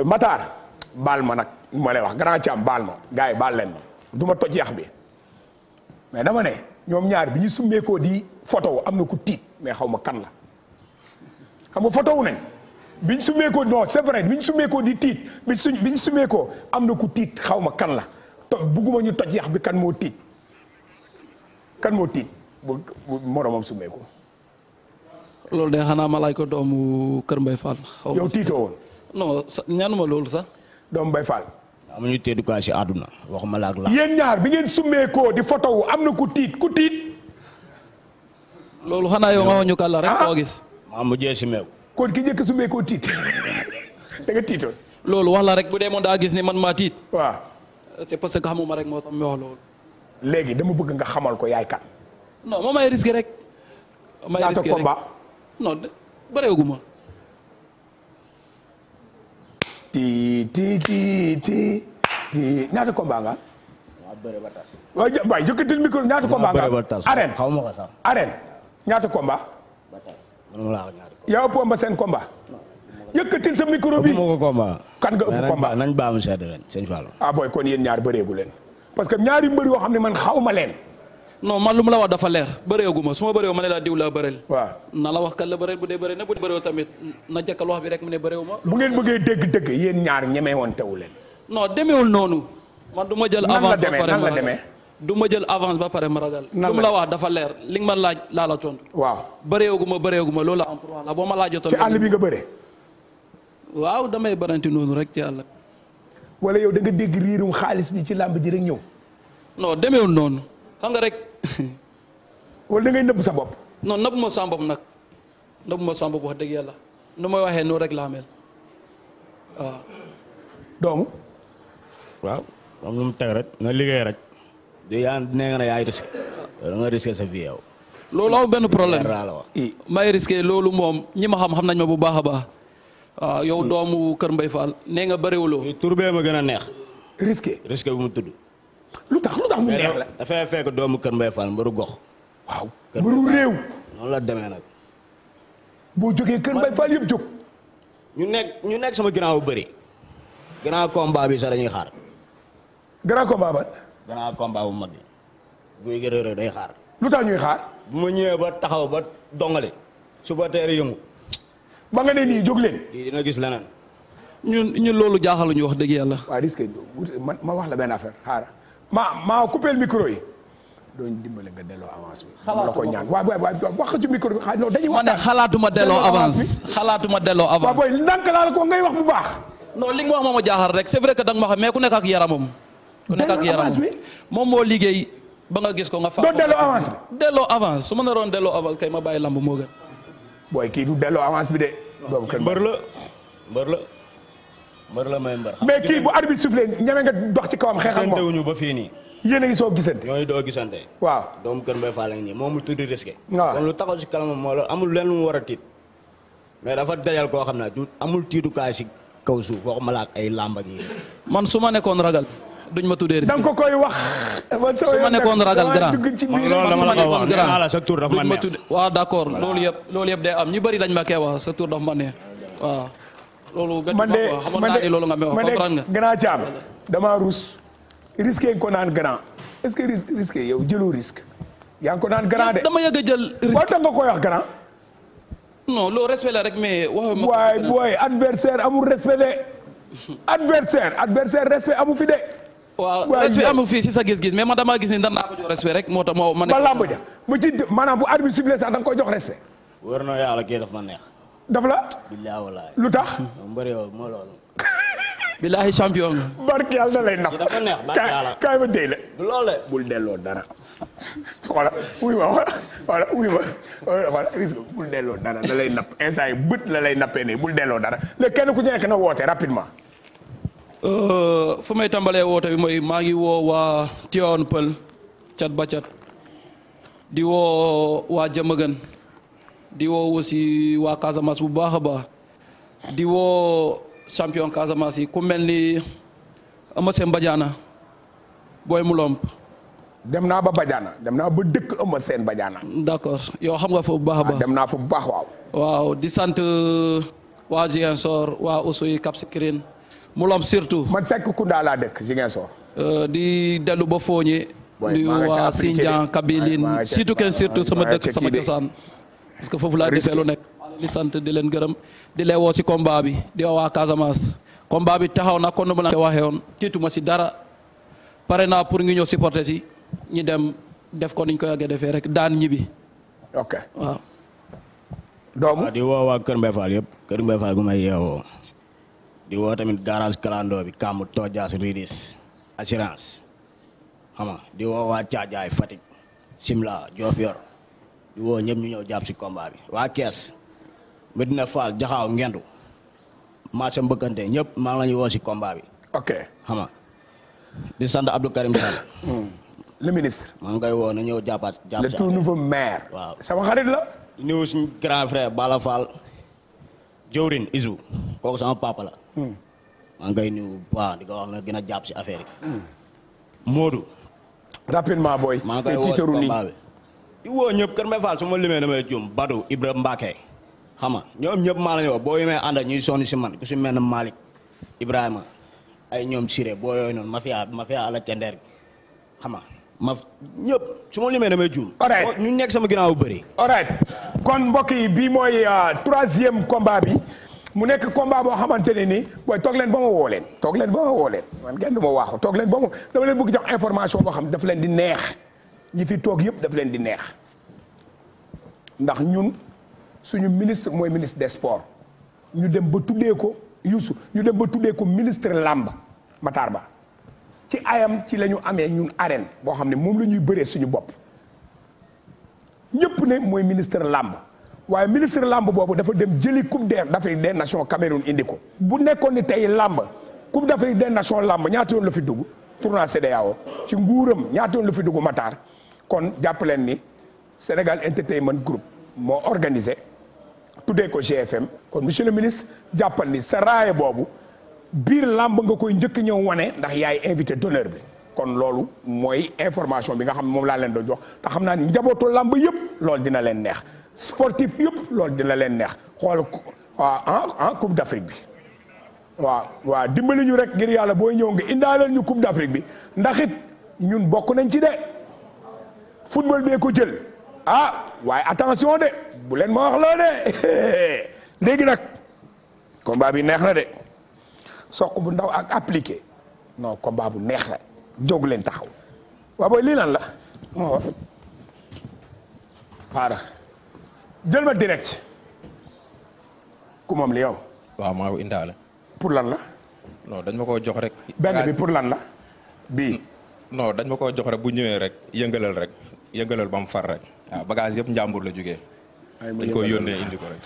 Matar baal ma nag ma lay wax grand Thiam baal ma gars yi baal leen ma du ma toj yax bi mais dama ne ñoom ñaar bi ñu summeekoo di photo am na ku tiit mais xaw ma kan la xam nga photo wu nañ. biñ sumee ko non c'est vrai biñ sumee di tiit bi suñ biñ sumee ko am na ku tiit xaw ma kan la to bugguma ñu toj yax bi kan moo tiit kan moo tiit bu moromam sumee loolu de xanaa ma laaj ko doomu Kër mbay Fall. xaw ma yow tiitoo woon. non sa loolu sax. doomu Mbaye Fall. amuñu teedu àdduna waxuma la ak la. yéen ñaar bi ngeen summeekoo di photo am na ku tiit ku tiit. loolu xanaa yow nga wax ñu kàlla rek. koo ah. gis. maa mujjee sumee ko. kon ki njëkk su koo tiit da nga tiitoon. loolu wax la rek bu dee moom daa gis ni man maa tiit. waaw. c'est parce que xamuma rek moo tax mu wax léegi dama bëgg nga xamal ko yaay kan. non moom may risqué rek. may risqué rek ma. ti ti ti ti ti ñaata komba nga. waaw bëre a tas. waay jë waay yëkkatil micro ñaata combat nga. waaw ñaata komba yaa ëpp ëmba seen combat. yëkkatil sa micro bi ëpp combat. kan nga ëpp combat nañ baamu sedd leen sëñ Fallou. ah booy kon yéen ñaar bëreegu leen parce que ñaari mbër yoo xam ne man xaw ma leen. noo man lu mu la wax dafa leer bëreegu ma su ma bëreewu ma ne laa diw laa bëreel. waaw na la wax kal la bëreel bu dee bëree na bu dee bëreewu tamit na jëkkal wax bi rek mu ne bëreewu ma. bu ngeen bëggee dégg dëgg yéen ñaar ñemewoon tewu leen. noo demeewul noonu. man du ma jël avance ba pare nan la demee du ma jël avance ba pare ma ragal. nan la la wax dafa leer li nga ma laaj laa la tontu. waaw bëreegu ma bëreegu ma am pour la boo ma laajee. ci àll bi nga bëree. waaw damay baranti noonu rek ci wala yow da nga dégg riirum xaalis bi ci làmb ji rek ñëw. non demeewul noonu xam nga rek. wala da sa bopp. non nëbb ma sa nag nëbb ma sa bopp wax dëgg yàlla nu may waxee noonu rek laa mel waaw. doomu. waaw moom mu teg rek na liggéey rek. di yaa nee nga ne yaay risqué da nga risqué sa vie yow loolu aw benn problème may risqué loolu moom ñi ma xam xam nañ ma bu baax a baax yow doomu Kër Mbaye Fall nee nga bëriwuloo tur bee ma gën a neex risqué risqué bu mu tudd lu tax lu tax mu neex la dafay fekk doomu Kër Mbaye Fall mbaru gox waaw mbaru réew noonu la demee nag boo jógee Kër Mbaye yëpp jóg ñu nekk ñu nekk sama ginnaaw bu bëri ginnaaw combat bi sax dañuy xaar grand combat ba gannaaw combat bu mag bi guy gi rëy day xaar. lu tax ñuy xaar. bu ma ñëwee ba taxaw ba dongale suba teel yëngu. ba nga ne nii jóg leen. kii dina gis leneen. ñun ñun loolu jaaxal ñu wax dëgg yàlla. waaw risque man ma wax la benn affaire xaar ma ma coupé micro yi. doon dimbale nga delloo avance bi. ko ñaan waaw waaw wax ci micro bi non dañuy wax. ma ne xalaatuma delloo avance xalaatuma delloo avance. waaw laa ko ngay wax bu baax. non li nga wax moom a jaaxal rek c'est vrai que danga ma xam mais ku nekk ak yaramam. ku nekk ak yaram moom moo liggéey ba nga gis ko nga. fa doo delloo avance bi delloo avance su ma naroon delloo avance kay ma bàyyi lamb moo gën. booy kii du delloo avance bi de. boobu kenn mbër la mbër la mbër la may mbër. mais kii bu arbitre soufflé ñeme nga dox ci kawam xeex ak moom gisantewuñu ba fii nii. yéen a ngi soog doo gisante. waaw doomu kër Mbaye Fall nii moom mu tudd risqué. waaw kon lu taxaw si kanamam moo la amul lenn mu war a tiit. mais dafa dajal koo xam ne du amul tiitukaay si kaw suuf waxuma la ak ay làmba gi. man su ma nekkoon ragal. duñ ma tuddee risque. da nga ko koy wax. su ma nekkoon ragal grand loolu dama la ko wax nee naa la sa tur dafa ma neex. waaw d'accord loolu yëpp loolu yëpp day am ñu bari dañ ma koy wax sa tur dafa ma neex waaw. loolu gàtt ma ko wax xamoon naa ni loolu nga may wax comprendre nga. grand Thiam damaa rus risqué ko est-ce que risqué yow jëloo risque. yaa ko naan grand de dama yëg jël risque waaw da nga koy wax grand. non loolu respect la rek mais waxuma. waay booy adversaire amul respect de. adversaire adversaire respect amu fi de. waaw respect amul fii si sa gis-gis mais man damaa gis ni dan naa ko jox respect rek moo tax moo ma ba lamb ja bu ci maanaam bu arbitre sifflé sax da nga koy jox respect wër na yàlla kii daf ma neex daf la billaahi wallaahi lu tax mbëri yow moo loolu billaahi champion nga barke yàlla da lay nax dafa neex barke yàlla kaay ma déy la du loole bul delloo dara xoola wuy ma xoola wuy ma xoola gis nga bul delloo dara da lay napp instant yi bët la lay nappee nii bul delloo dara léegi kenn ku ci nekk na woote rapidement Euh, fu may tàmbalee woote bi mooy maa ngi woo waa Tivaouane Pël cat ba cat di woo waa Jamagan di woo aussi waa Casamance bu baax a baax di woo champion Casamance yi ku mel ni Eumeu Sène Badiana booy mu lomp dem naa ba Badiana dem naa ba dëkk Eumeu Sène Badiana. d'accord yow xam nga fa baax a baax dem naa fa bu baax waaw. waaw di sant euh, waa Ziguinchor waa Oussouye Cap Mulom surtout. man fekk Kounda laa dëkk Ziguinchor. Euh, di dellu ba Fogné. di waa Sindian Kabiline surtout kenn surtout sama dëkk sama cosaan. parce que foofu laa defee lu nekk. di sant di leen gërëm di leen woo si combat bi di woo waa Casamance. combat bi taxaw na kon nu ma la waxee woon tiituma si dara pare naa pour ngi ñëw supporter si ñi dem def ko niñ koy àggee defee rek daan ñibbi. ok di woo waa Kër Mbaye yëpp Kër Mbaye Fall gu may yeewoo. di woo tamit garage kalandoo bi Kamb Tojaas Ridis assurance xam di woo waa Caajaay Fatick Simla Diofior di woo ñëpp ñu ñëw jàpp si combat bi waa Kees Medina Fall Jaxaaw Ngendu marché mbëkkante ñëpp maa woo si combat bi. di sant Abdou Karim Sall. Hmm. le ministre. woo na ñëw jàppaat jàpp le tout nouveau maire. waaw sama xarit la. nuyu suñu Jowrin Izu kooku sama papa maa ngay nuyu bu baax di ko wax na gën a jàpp si affaire yi. Hmm. Modou. rapidement booy. maa ngay woo si combat bi di woo ñëpp Kër Mbaye Fall su ma juum Badou Ibra Mbacke ñoom ñëpp maa la man ku ay ñoom Siré boo yooyu noonu mafia mafia ala tendeer xam nga ma ñëpp su ma limee damay juum. alright ñu nekk sama ginnaaw kon mbokk bii mooy ah, troisième combat bi. mu nekk combat boo xamante ne nii booy toog leen ba ma woo leen toog leen ba ma woo leen man kenn du ma waaxu toog leen ba ma dama leen bëgg jox information boo xam daf leen di neex ñi fi toog yëpp daf leen di neex ndax ñun suñu ministre mooy ministre des sports ñu dem ba tuddee ko Youssou ñu dem ba tuddee ko ministre làmb Matar Ba ci ayam ci la ñu amee ñun arène boo xam ne moom la ñuy bëree suñu bopp ñëpp ne mooy ministre làmb waaye ministre lamb boobu dafa dem jëli coupe d'Afrique des nations Cameroun indi ko bu nekkoon ni tey lamb coupe d'Afrique des nations lamb ñaata yoon la fi dugg tournoi CEDEAO ci nguuram ñaata yoon la fi dugg Matar kon jàppaleen ni Sénégal Entertainment Group moo organisé tuddee ko GFM kon monsieur le ministre jàppal ni sa boobu biir lamb nga koy njëkk ñëw wane ndax yaay invité d'honneur bi kon loolu mooy information bi nga xam moom laa leen doon jox te xam naa ni njabootu lamb yëpp loolu dina leen neex sportif yëpp di dina leen neex xool ah ah Coupe d'Afrique bi waaw waaw dimbali ñu rek ngir yàlla booy ñëw nga indaaleel ñu Coupe d'Afrique bi ndax it ñun bokk nañ ci de football bee ko jël ah waaye attention de bu leen ma wax loo de léegi nag combat bi neex na de soq bu ndaw ak appliqué non combat bu neex la jóg leen taxaw waaw booy lii la moo jël ma direct ku moom li yow. waaw indaale. pour lan la. non dañ ma koo jox rek. benn bi pour lan la bii. dañ ma koo jox rek bu ñëwee rek yëngalal rek yëngalal ba mu far rek waaw bagage yëpp njàmbur la jógee. dañ ko yónnee indi ko rek.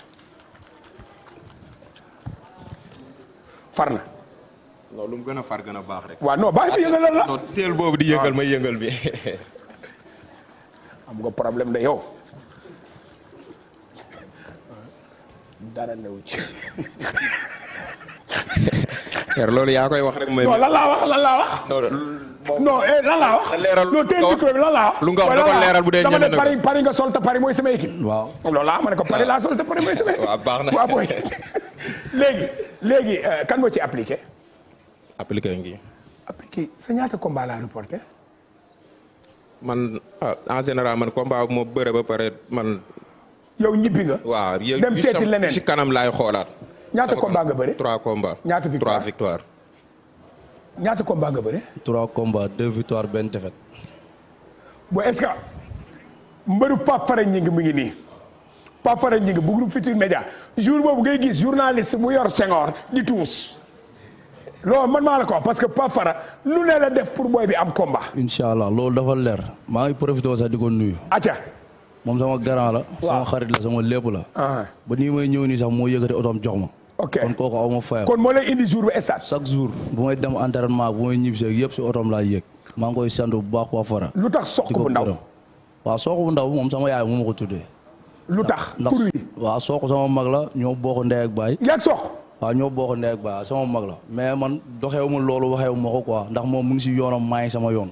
far na. non lu mu gën a far gën a baax rek. waaw non baax bi la. non teel boobu di yëngal may yëngal bi. am nga problème de yow. dara newu ci. yor yaa koy wax rek. mooy non laa wax lan laa wax. Eh, leeral lu nga wax lu nga wax da leeral bu dee ñeneen dama ne nga sol te Paris mooy sama équipe. waaw loolu laa ma ne ko Paris laa sol te Paris mooy sama équipe. waaw baax léegi euh, kan nga ci appliqué. appliqué ngi. appliqué sa ñaata combat laa reporté. man ah, en général man combat moo bëre ba pare man. yow ñibbi nga. waaw yow dem seeti leneen ci kanam laay xoolaat. ñaata combat nga bëre. trois combats ñaata victoire trois victoire. ñaata combat nga bëre. trois combats deux victoires benn défaite. bon est-ce que mbëru Pape Fara ñi ngi mu ngi nii Pape Fara ñi ngi bu groupe Futurs jour boobu ngay gis journaliste bu yor Senghor di tuus loolu man maa la ko parce que Pape Fara lu ne la def pour booy bi am combat. incha allah loolu dafa leer maa ngi profité sax di ko moom sama garant la. sama xarit la sama lépp la. Ah. ba nii may ñëw nii sax moo yëkkati otoom jox ma. ok kon kooku aw ma fayam. kon moo lay indi jour bi stade. chaque jour bu may dem entraînement bu may ñibbi seeg yëpp si otoom laa yëg. maa ngi koy sant bu baax waa Fara. lu tax soq bu ndaw waaw soq bu ndaw moom sama yaay moo ma ko tuddee. lu tax tur wi waaw soq sama mag la ñoo bokk ndey ak baay. yaa soq. waaw ñoo bokk ndey ak baay sama mag la mais man doxewuma loolu waxewuma ko quoi ndax moom mu ngi si yoonam maa ngi sama yoon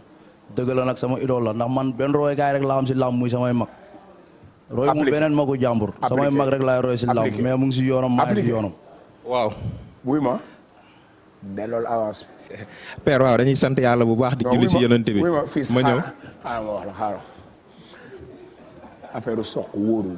dëgg la nag sama idole la man benn roykaay rek laa am roy mu beneen magu jàmbur samay mag rek laay roy si làmb mais mu ngi si yoonam maa ngi yoonam waaw buy ma dellool avance bi père dañuy sant yàlla bu baax di julli si yonent bi ma ñëw xaaral ma wax la xaaral affaire soq wóorul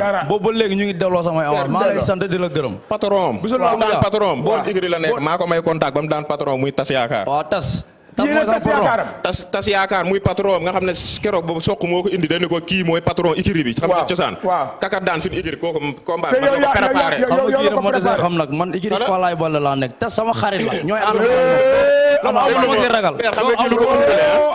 dara boobu ba léegi ñu ngi delloo samay awar maa lay sant di la gërëm patron bisul la daan patron boo igri la nekk maa ko mu daan patron muy tas yaakaar waaw tas tas mooy patron ikiri ko préparé xam nga ma dese xam nag la ñooy ànd amul ma si ragal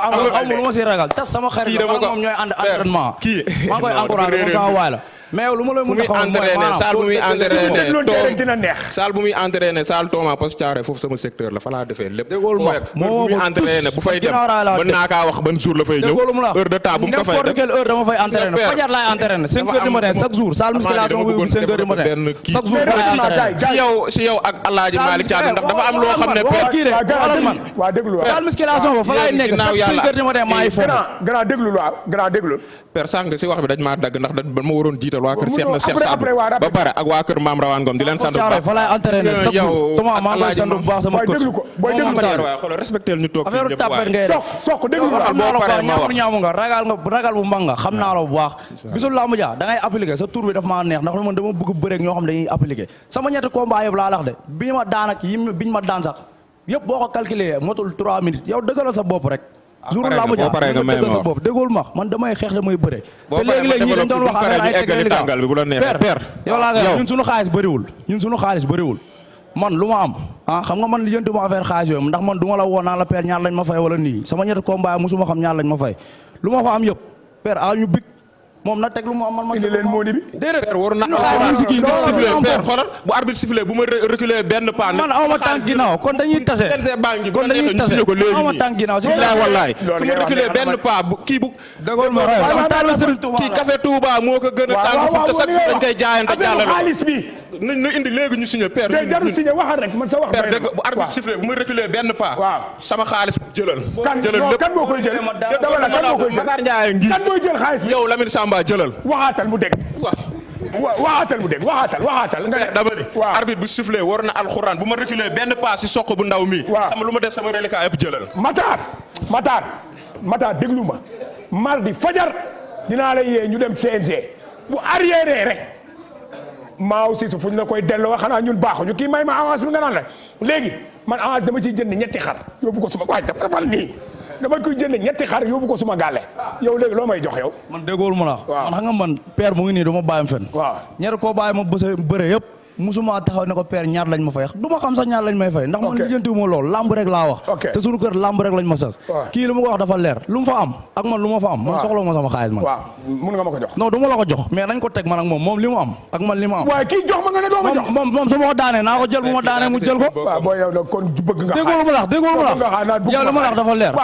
amul ma si ragal tas sama xarit la moom ñooy ànd entraînement kii maa koy encouragé moom sama waay la mais yow lu ma la mun a xamal mooy maanaam saal bu muy entraîné toog dina neex. saal bu muy entraîné saal Thomas parce que caare foofu sama secteur la fa defee lépp. déggoo ma moo bu muy entraîné bu fay dem mën naa kaa wax ban jour la fay ñëw. fay def si yow si yow ak El ndax dafa am loo xam ne. waaw déglu waaw fa laay nekk si wax bi dañ maa dagg ndax ma waroon jiital waa kër Cheikh na Cheikh Sadou ba pare ak waa kër maam Rawane Ngom di leen sant bu baax. fa laay entraîné bu baax sama coach. booy déglu ko waaye xoolal respecté ñu toog fii ñëpp waay sox sox déglu nga ragal nga ragal bu mbang nga xam naa sama ñetti combat yëpp laa de bi ma daan ak ma daan sax yëpp boo ko calculé motul 3 minutes yow dëggalal sa bopp rek Ah, jour laa ma jël sa bopp déggool man damay xeex damay bëre te léegi-léegi ñi dañ doon wax ay tegali tàngal bi bu la neexee père yow laa nga xaalis bëriwul man lu ma am ah xam nga man lijjanti ma xaalis yooyu ndax man du ma la woo naa la père ñaar lañ ma fay wala nii sama ñetti combat musuma xam ñaar lañ ma fay lu ma fa am yëpp père a big moom na teg lu mu am man ma. indi leen mooni bi déedéet. père na musique a tàng sama xaalis jëlal. jëlal kan moo koy jël. Matar Ndiaye Samba waa jëlal. waxaatal mu dégg. waaw waxaatal mu dégg waxaatal waxaatal. nga ne dama ne. waaw arbitre bu sifflé war na alxuraan bu ma reculer benn pas yi soq bu ndaw mi. waaw sama lu ma def sama reliquat yëpp jëlal. Matar Matar Matar déglu ma di fajar dinaa la yee ñu dem CNG bu arrière rek. maa aussi fu ñu la koy delloo xanaa ñun baaxuñu kii may ma avance bi nga naan la léegi man avance dama ciy jënd ñetti xar yóbbu ko suma waaj dafa fal nii. ma koy jënd ñetti xar yóbbu ko suma gàlle yow léegi loo may jox yow man déggoolu ma la man xam nga man père mu ngi nii du ma bàyyam fen waaw ñere koo bàyyi ma bëse bëre yëpp musuma taxaw ne ko père ñaar lañ ma fay du ma xam sax ñaar lañ may fay ndax man lijjanti ma lool lamb rek laa wax te suñu kër lamb rek lañ ma sas kii li ko wax dafa leer lu mu fa am ak man lu fa am man soxla sama xaalis man waaw mun nga jox non nañ ko teg man moom moom li am ak man li am moom moom su ma naa ko jël bu ma daanee mu jël ko waaw ma lax déggoo ma lax yow ma lax doo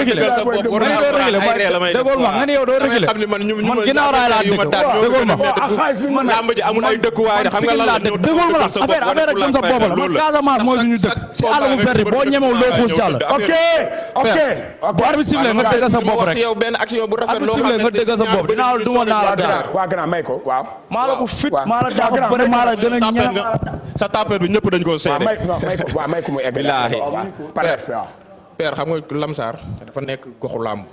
régler nga ni doo régler déggoo lu ma nga ni doo régler non lamb ji amul ay dëkkuwaay xam nga lan la dëkk déggoo ma la affaire affaire ak gëm sa Casamance mooy suñu dëkk si àll bu ferri boo ñemew loo xuus ci ok ok bu arbitre sifflé nga dégg benn action bu rafet loo xam ne nga dégg sa bopp dinaa la duma naa la daal waa bu fit maa la daa bëri gën a ñaan sa tapper bi ñëpp dañ ko seede waaw ko mu egg billaahi par respect père nekk goxu lamb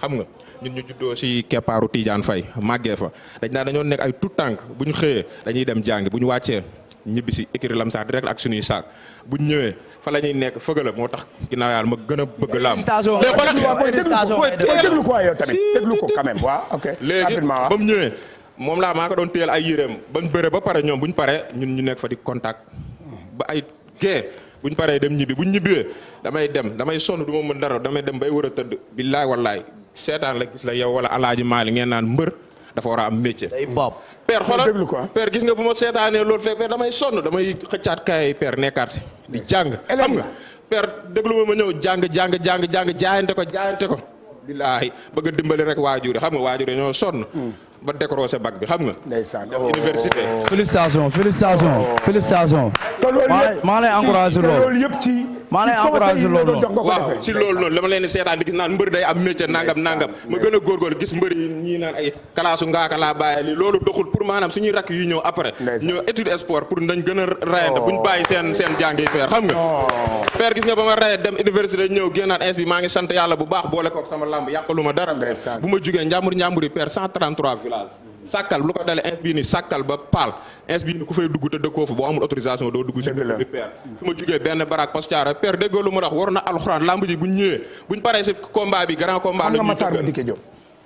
xam nga ñun ñu juddoo si keppaaru Tidiane Faye màggee fa dañ naa dañoo nekk ay tout tànk bu ñu xëyee dañuy dem jàngi bu ñu wàccee ñibbi si écurie Lamsaar direct ak suñuy saak bu ñu ñëwee fa la ñuy nekk fëgal moo tax ginnaaw yàlla ma gën a bëgg laam. mais déglu ko yow tamit déglu ko quand même waaw ñëwee moom laa maa ko doon téyel ay yéreem ba mu bëre ba pare ñoom bu ñu paree ñun ñu nekk fa di contact ba ay gee bu ñu paree dem ñibbi bu ñu ñibbee damay dem damay sonn du ma mën dara damay dem bay wër a tëdd billaay wallaay seetaan la gis la yow wala alaaji maali ngeen naan mbër dafa war a am métier. day boob père xoolal ah. gis nga bu ma seetaanee loolu fekk père damay sonn damay xëccaat kaay père nekkaat di jàng xam nga père déglu ma ma ñëw jàng jàng jàng jàng jaayante ko jaayante ko billaahi bëgg a dimbali rek waajur yi xam nga waajur yi ñoo sonn hmm. ba décroché bac bi xam nga. ndeysaan université. Oh. félicitations félicitations félicitations. Oh. maa lay encouragé loolu loolu maa lay encouragé loolu noonu waaw ci leen di seetaan di gis naan mbër day am métier nangam nangam ma gën a góorgóorlu gis mbër yi ñii naan ay kalaasu ngaaka laa bàyyi li loolu doxul pour maanaam suñuy rakk yu ñëw après ñëw étude sport pour dañ gën a rayante oh. buñ bàyyi seen seen jàngi père xam nga oh. père gis nga ba ma raye dem université ñëw génnaat ins maa ngi sant yàlla bu baax boole kook sama lamb yàqalu ma dara bu ma jugee njàmbur njàmbur yi père 133 village sàkkal lu ko dalee ins bii ni sàkkal ba paal ins bii ni ku fay dugg te dëkkoo fa boo amul autorisation doo dugg si bi peer ma jugee benn baraak pos caara peer déggoo lu war na alxuraan lamb ji buñ ñëwee buñ paree si combat bi grand combat la ñuy tëggal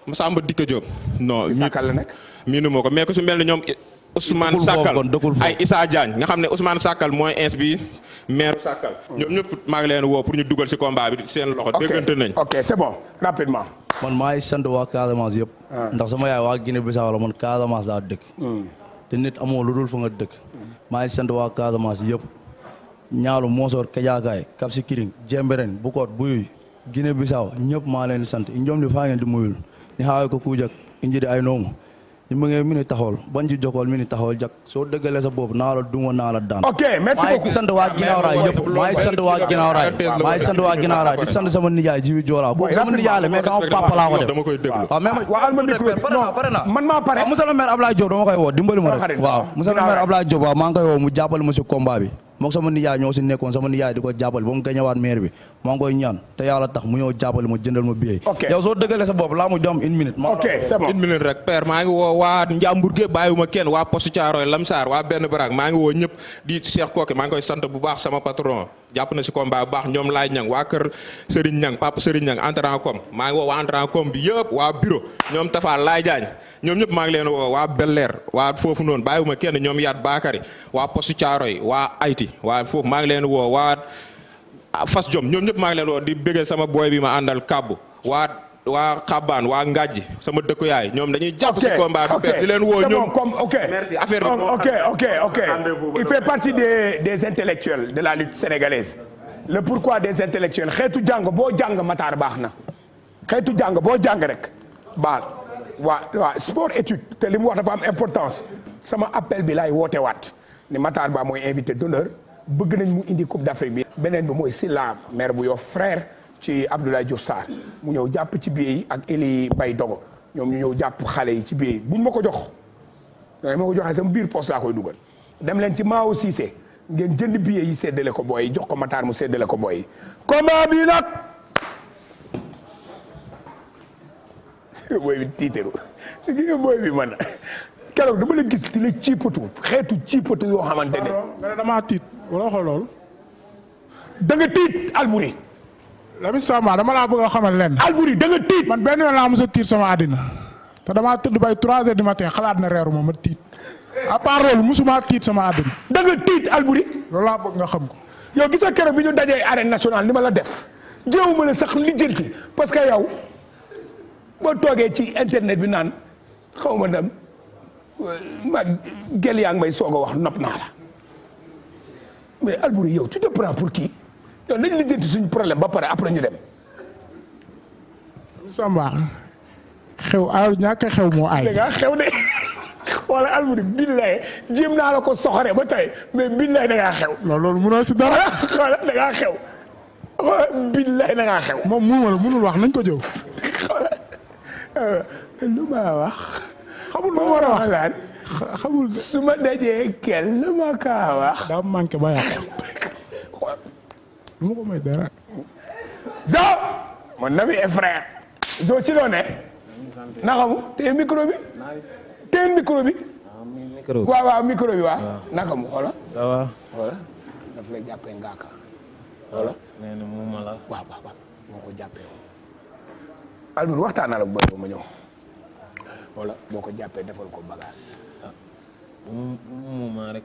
Massamba Dikke Diop non miinu moo ko mais ku si ni ñoom Ousmane Sakkal ay Issa Diagne nga xam ne Ousmane Sakkal mooy ins bi maire Sakkal. ñoom ñëpp maa ngi leen woo pour ñu dugal ci combat seen loxo. déggante nañ ok c'est bon rapidement. maa ngi sant waa Casamance yëpp. Ah. ndax sama yaay waa Guinée Bissau la man Casamance laa dëkk. Hmm. te nit amoo lu dul fa nga dëkk. maa ngi sant waa Casamance yëpp. ñaalu Mosor Kajaakaay Cap Skirring Jemberen bu Buyuy Guinée Bissau ñëpp maa leen sant ñoom di faa ngeen di muyul ni xaawee ko kuujak injidi ay noomu mu ngi mini taxawal ban ji jokkoo mini taxawal jak soo dëggalee sa bopp naa la duma naa la daan. ok merci sant waa ginnaaw raay yëpp maa waa ginnaaw raay maa ngi sant waa ginnaaw raay di sant sama nijaay jibi joolaa boobu sama nijaay la ma micro non pare na man maa pare monsieur le maire Ablaye Diop dama koy woo dimbali ma rek waaw monsieur le maire Ablaye Diop maa ngi koy woo mu jàppale ma si bi moom sama nijaay ñoo si nekkoon sama nijaay di ko jàppale ba mu gañewaat maire bi maa ngi koy ñaan te yàlla tax mu ñëw jàppale ma jëndal ma billet yow soo dëggalee sa bopp laa mu jom une minute ok c'est bon une minute rek maa ngi woo waa Njàmbur ge bàyyiwuma kenn waa Poste Thiaroye Lamsaar waa benn baraag maa ngi woo ñëpp di Cheikh Koki maa ngi koy sant bu baax sama patron jàpp na si combat bu baax ñoom laay ñang waa kër Serigne ñang papa Serigne ñang entrant com maa ngi woo waa entrant com bi ñoom Tafa laay jaañ ñoom ñëpp maa ngi leen woo waa Bel Air waa foofu noonu bàyyiwuma kenn ñoom yaat Bakary waa Poste Thiaroye waa métti waaye foofu maa ngi leen woo waa ah, fas jom ñoom ñëpp maa ngi leen woo di bëggee sama booy bi ma àndal kàbbu waa waa xabaan waa ngàjj sama dëkk yaay ñoom dañuy jàpp ci combat bi leen woo ñoom comme ok merci affaire bi oh, ok ok ok il fait partie des des intellectuels de la lutte sénégalaise le pourquoi des intellectuels xeetu jàng boo jàng mataar baax na xeetu jàng boo jàng rek baal waa waa sport étude te li mu wax dafa am importance sama appel bi laay woote waat ni Matar Ba mooy invité d'honneur bëgg nañ mu indi Coupe d'Afrique bi. beneen bi mooy Sylla maire bu Yoff frère ci Abdoulaye Diouf Sarr mu ñëw jàpp ci biir yi ak Eli Mbaye Dogo ñoom ñu ñëw jàpp xale yi ci biir yi buñ ma ko jox danga ma ko joxee sama biir poste laa koy dugal dem leen ci Mao Cissé ngeen jënd billet yi séddale ko booy jox ko Matar mu seddale ko booy combat bi nag booy bi tiitaru gi nga booy bi man keroog dama la gis di la ciipatu xeetu ciipatu yoo xamante ne. nga ne damaa tiit wala waxoo loolu. da nga tiit Alboury. Lamine Samba dama laa bëgg a man benn yoon laa a tiit sama àddina. te damaa tëdd bay xalaat ma ma tiit. à part loolu mosuma tiit sama àddina. da nga tiit Alboury. loolu xam ko. yow gis nga keroog bi ñu dajee arène nationale li ma la def. jéewu ma la sax lijjanti parce que yow boo toogee ci internet bi naan xaw dem. ma gel yaa ngi may soog a wax nopp naa la mais Alboury yow tu te pour qui yow nañ liggéenti suñu problème ba pare après ñu dem Samba xew a ñàkk xew moo aay nga xew jéem naa la ko soxore ba tey mais billaay da xew non loolu mënoo ci dara xoola da xew billaay da xew moom muuma la mënul wax nañ ko jëw euh, lu ma wax xamul lu war a wax lan xamul su ma dajee kenn ma kaa wax. daa manqué ba yàq. du ma ko may dara. zo. mon ami et frère. zo ci loo ne. naka mu téye micro bi. téye micro bi. Ah, micro bi waaw waaw micro bi waaw. Ah. naka mu xoolal. ça va. xoolal daf lay jàppee ngaaka. xoolal nee na mu ma la. waaw waaw waaw moo ko jàppee woon. Alboury waxtaan na la bu bëri ba ma ñëw. wala boo ko jàppee defal ko bagage. bu muumaa rek.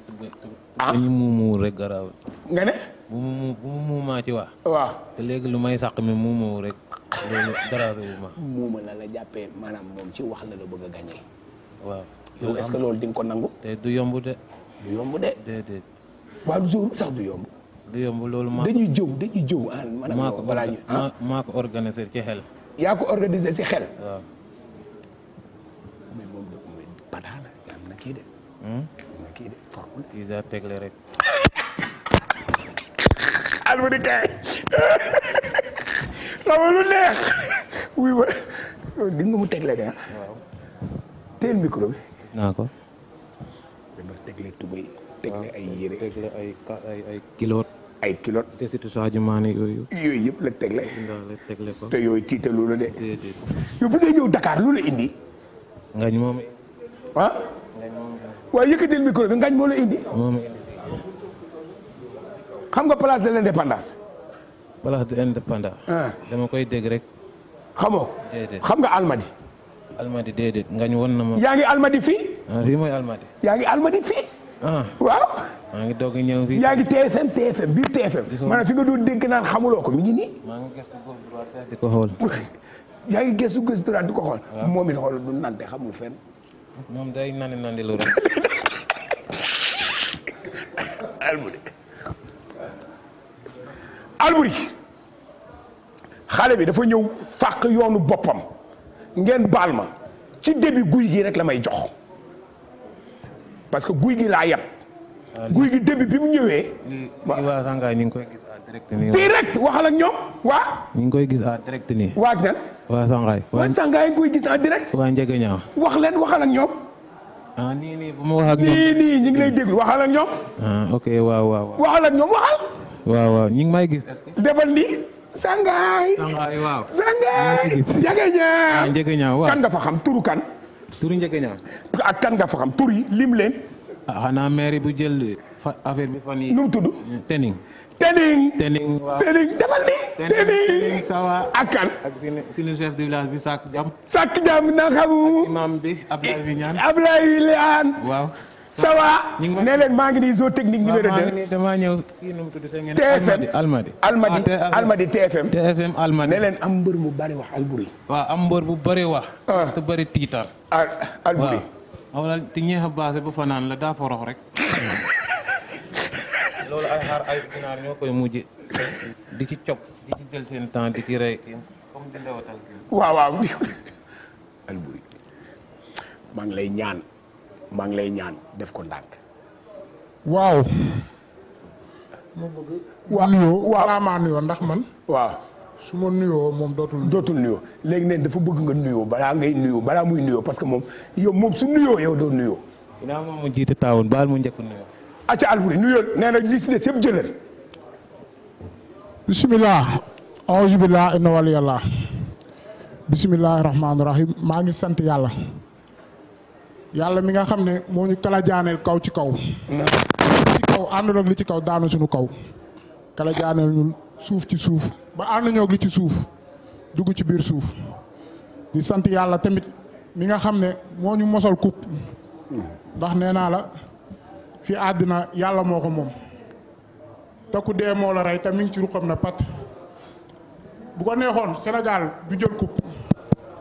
ah dañu muumuwul rek garaaw. nga ne. bu muumaa ci wax. waaw te léegi lu may sàq mi muumuwul rek loolu garaaw bi ma. muuma la jàppee maanaam moom ci wax la la bëgg a gagné. waa yow est-ce que loolu di nga ko nangu. te du yomb de. du yomb de. déedéet. waaw jour sax du yomb. du yomb loolu maa. dañuy jëw dañuy jëw ah. maanaam balaa ñu ah. maa ko organisé ci xel. yaa ko organisé ci xel. kii de. Hmm? kii de farkul. Isa tegle rek. Almadi lu neex. wuy ma gis mu tegle de ah. waaw. naa ko. dama tegle tubay. tegle ay yére tegle ay ay ay kiloot. te surtout Sadio Mané yooyu. yooyu yëpp la tegle. tegle ko yooyu tiitalu la de. yow bu ngay ñëw lu la indi. nga moom. ah. waaye yëkkatil micro bi ngañ moo la indi. xam nga place de l'indépendance. place de l'indépendance. Ah. dama koy dégg rek. xamoo xam nga almadi. almadi déedéet ngañ won na ma. yaa ngi almadi fi ah yaa ngi almadi fii. Ah. waaw. ngi doog a ñëw fii. yaa ngi TFM TFM biir TFM. maanaam fi nga doon dégg naan xamuloo ko mi ngi nii. maa ngi gëstu gauche yaa ngi gestu gauche droite di ko xool. moom it xool du nante xamul fenn. moom day nandi nandi lu rëy. Alboury xale bi dafa ñëw fàq yoonu boppam ngeen baal ma ci début guy gi rek la may jox parce que guy gi laa yab. Ah, guy gi début bi mu ñëwee. waa Sangaye ñu ngi koy direct waxal ñoom waa. ñu ngi koy gis en direct nii. waa ak nan. waa Sangaye. waa Sangaye ñu ngi koy gis en direct. waa Njëgëñaaw. wax leen waxal ñoom. Ah, nii nii bu ma wax ñoom ah, ok waaw waaw. waxal ñoom waxal. waaw waaw ñu may gis. defal nii. Sangaye. Sangaye waaw. Sangaye. Njëgëñaaw ah, Njëgëñaaw fa xam turu kan. turu Njëgëñaaw. ak fa xam tur lim leen. ah xanaa mairie bu jël. affaire bi fan yii nu mu tudd. tening. tening tening tening defal ni tening ak kan. ak suñu chef de village bi Sakk Jam. Sakk na xamu. imam bi Ablaye waaw. sawa ne maa ngi nii zone technique numéro 2 ñëw mu TFM Almadi Almadi ah, TFM TFM Almadi ne am mbër mu bari wax Alburi waaw am mbër bu bari wax ah. te bari tiitar te ñeex baase bu fanaan la daa forox rek loolu ay xaar ay ñoo koy mujj di ci cop di ci jël seen temps di ci rey kii comme waaw waaw. maa ngi lay ñaan ngi lay ñaan def ko ndànk. waaw. bëgg. waaw nuyoo waaw maa nuyoo ndax man. waaw. su ma nuyoo moom dootul. dootul nuyoo léegi neen dafa bëgg nga nuyoo balaa ngay nuyoo balaa muy nuyoo parce que moom yow moom su nuyoo yow doo nuyoo. dinaa moom mu jiite taawoon baal mu njëkk nuyoo. acca Alfuri nuyoo nee na li si des yëpp jëlal. bisimilah. auzu billah inna waliyallah bisimilah rahim maa ngi sant yàlla. yàlla mi nga xam ne moo ñu kala jaaneel kaw ci kaw. ci kaw li ci kaw daanu suñu kaw. kala ñun suuf ci suuf ba ànd li ci suuf dugg ci biir suuf. di sant yàlla tamit mi nga xam ne moo ñu mosal kub. ndax nee la. fi àddina yàlla moo ko moom te ku dee moo la rey te mi ci ruqam na pat bu ko neexoon Sénégal du jël coupe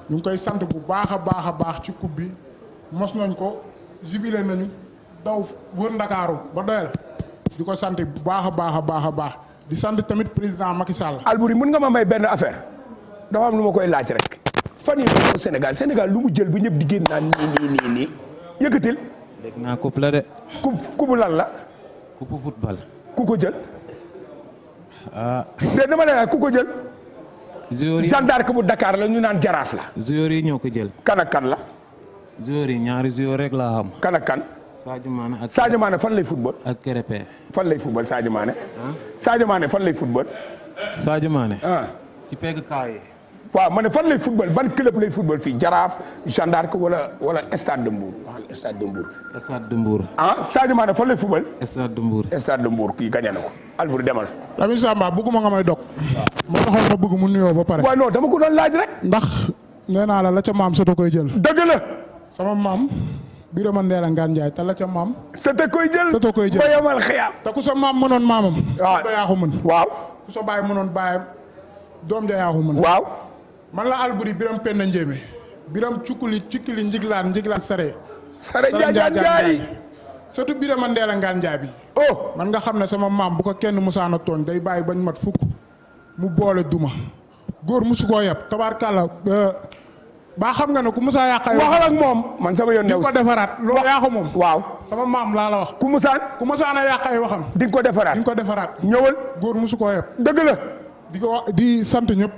ñu ngi koy sant bu baax a baax a baax ci coupe bi mos nañ ko jubilé nañu daw wër ndakaaru ba doyal di ko sant bu baax a baax a baax a baax di sant tamit président Macky Sall. Alboury mën nga ma may benn affaire dafa am lu ma koy laaj rek fan yii Sénégal Sénégal lu mu jël bu ñëpp di génn naan nii nii nii yëkkatil. dégg naa coupe la de. coupe coupe lan la. coupe football. ku ko jël. ah. de dama lay ku ko jël. joueur yi gendarme bu Dakar la ñu naan jaraaf la. joueur yi ñoo ko jël. kan kan la. joueur yi ñaari joueur rek laa xam. kan ak kan. Sadio Mané fan lay football. ak lay football Sadio Mané. Ah. Sadio fan lay football. ah ci pegg kaa waaw ma ne fan lay football ban club lay football fii Jaraaf Jeanne d'Arc wala wala Stade de Mbour waxal Stade de Mbour. Stade de Mbour. ah Sadio Mané fan lay football. Stade de Mbour. Stade de kii gañe na ko Albouri demal. Lamine Samba bëgguma nga may dog. waaw moo taxoon ma bëgg mu nuyoo ba pare. waaw non dama ko doon laaj rek. ndax nee naa la la ca maam soto koy jël. dëgg sama maam. Birama Ndéla Ngane Ndiaye te la ca maam. soto koy jël koy jël ba yamal xiyaam. te ku sa maam mënoon maamam. doom ja yaa mën. waaw. man la Alboury Biram Penda Njéeme Biram cukkuli cukkuli njiglaan njiglaan sare sare njaajaan njaay surtout Birama Ndeela Ngaan Njaay bi oh man nga xam ne sama maam bu ko kenn musaana tooñ day bàyyi bañ mat fukk mu boole duma góor musu koo yab tabaarkàlla euh, baa xam nga ne ku musaa yàqa waxal ak moom man sama yoon newu defaraat loolu moom waaw sama maam laa la wax ku musaan ku musaan a yàq ay waxam di nga ko defaraat di nga defaraat ñëwal góor musu koo yab dëgg la di ko di sant ñëpp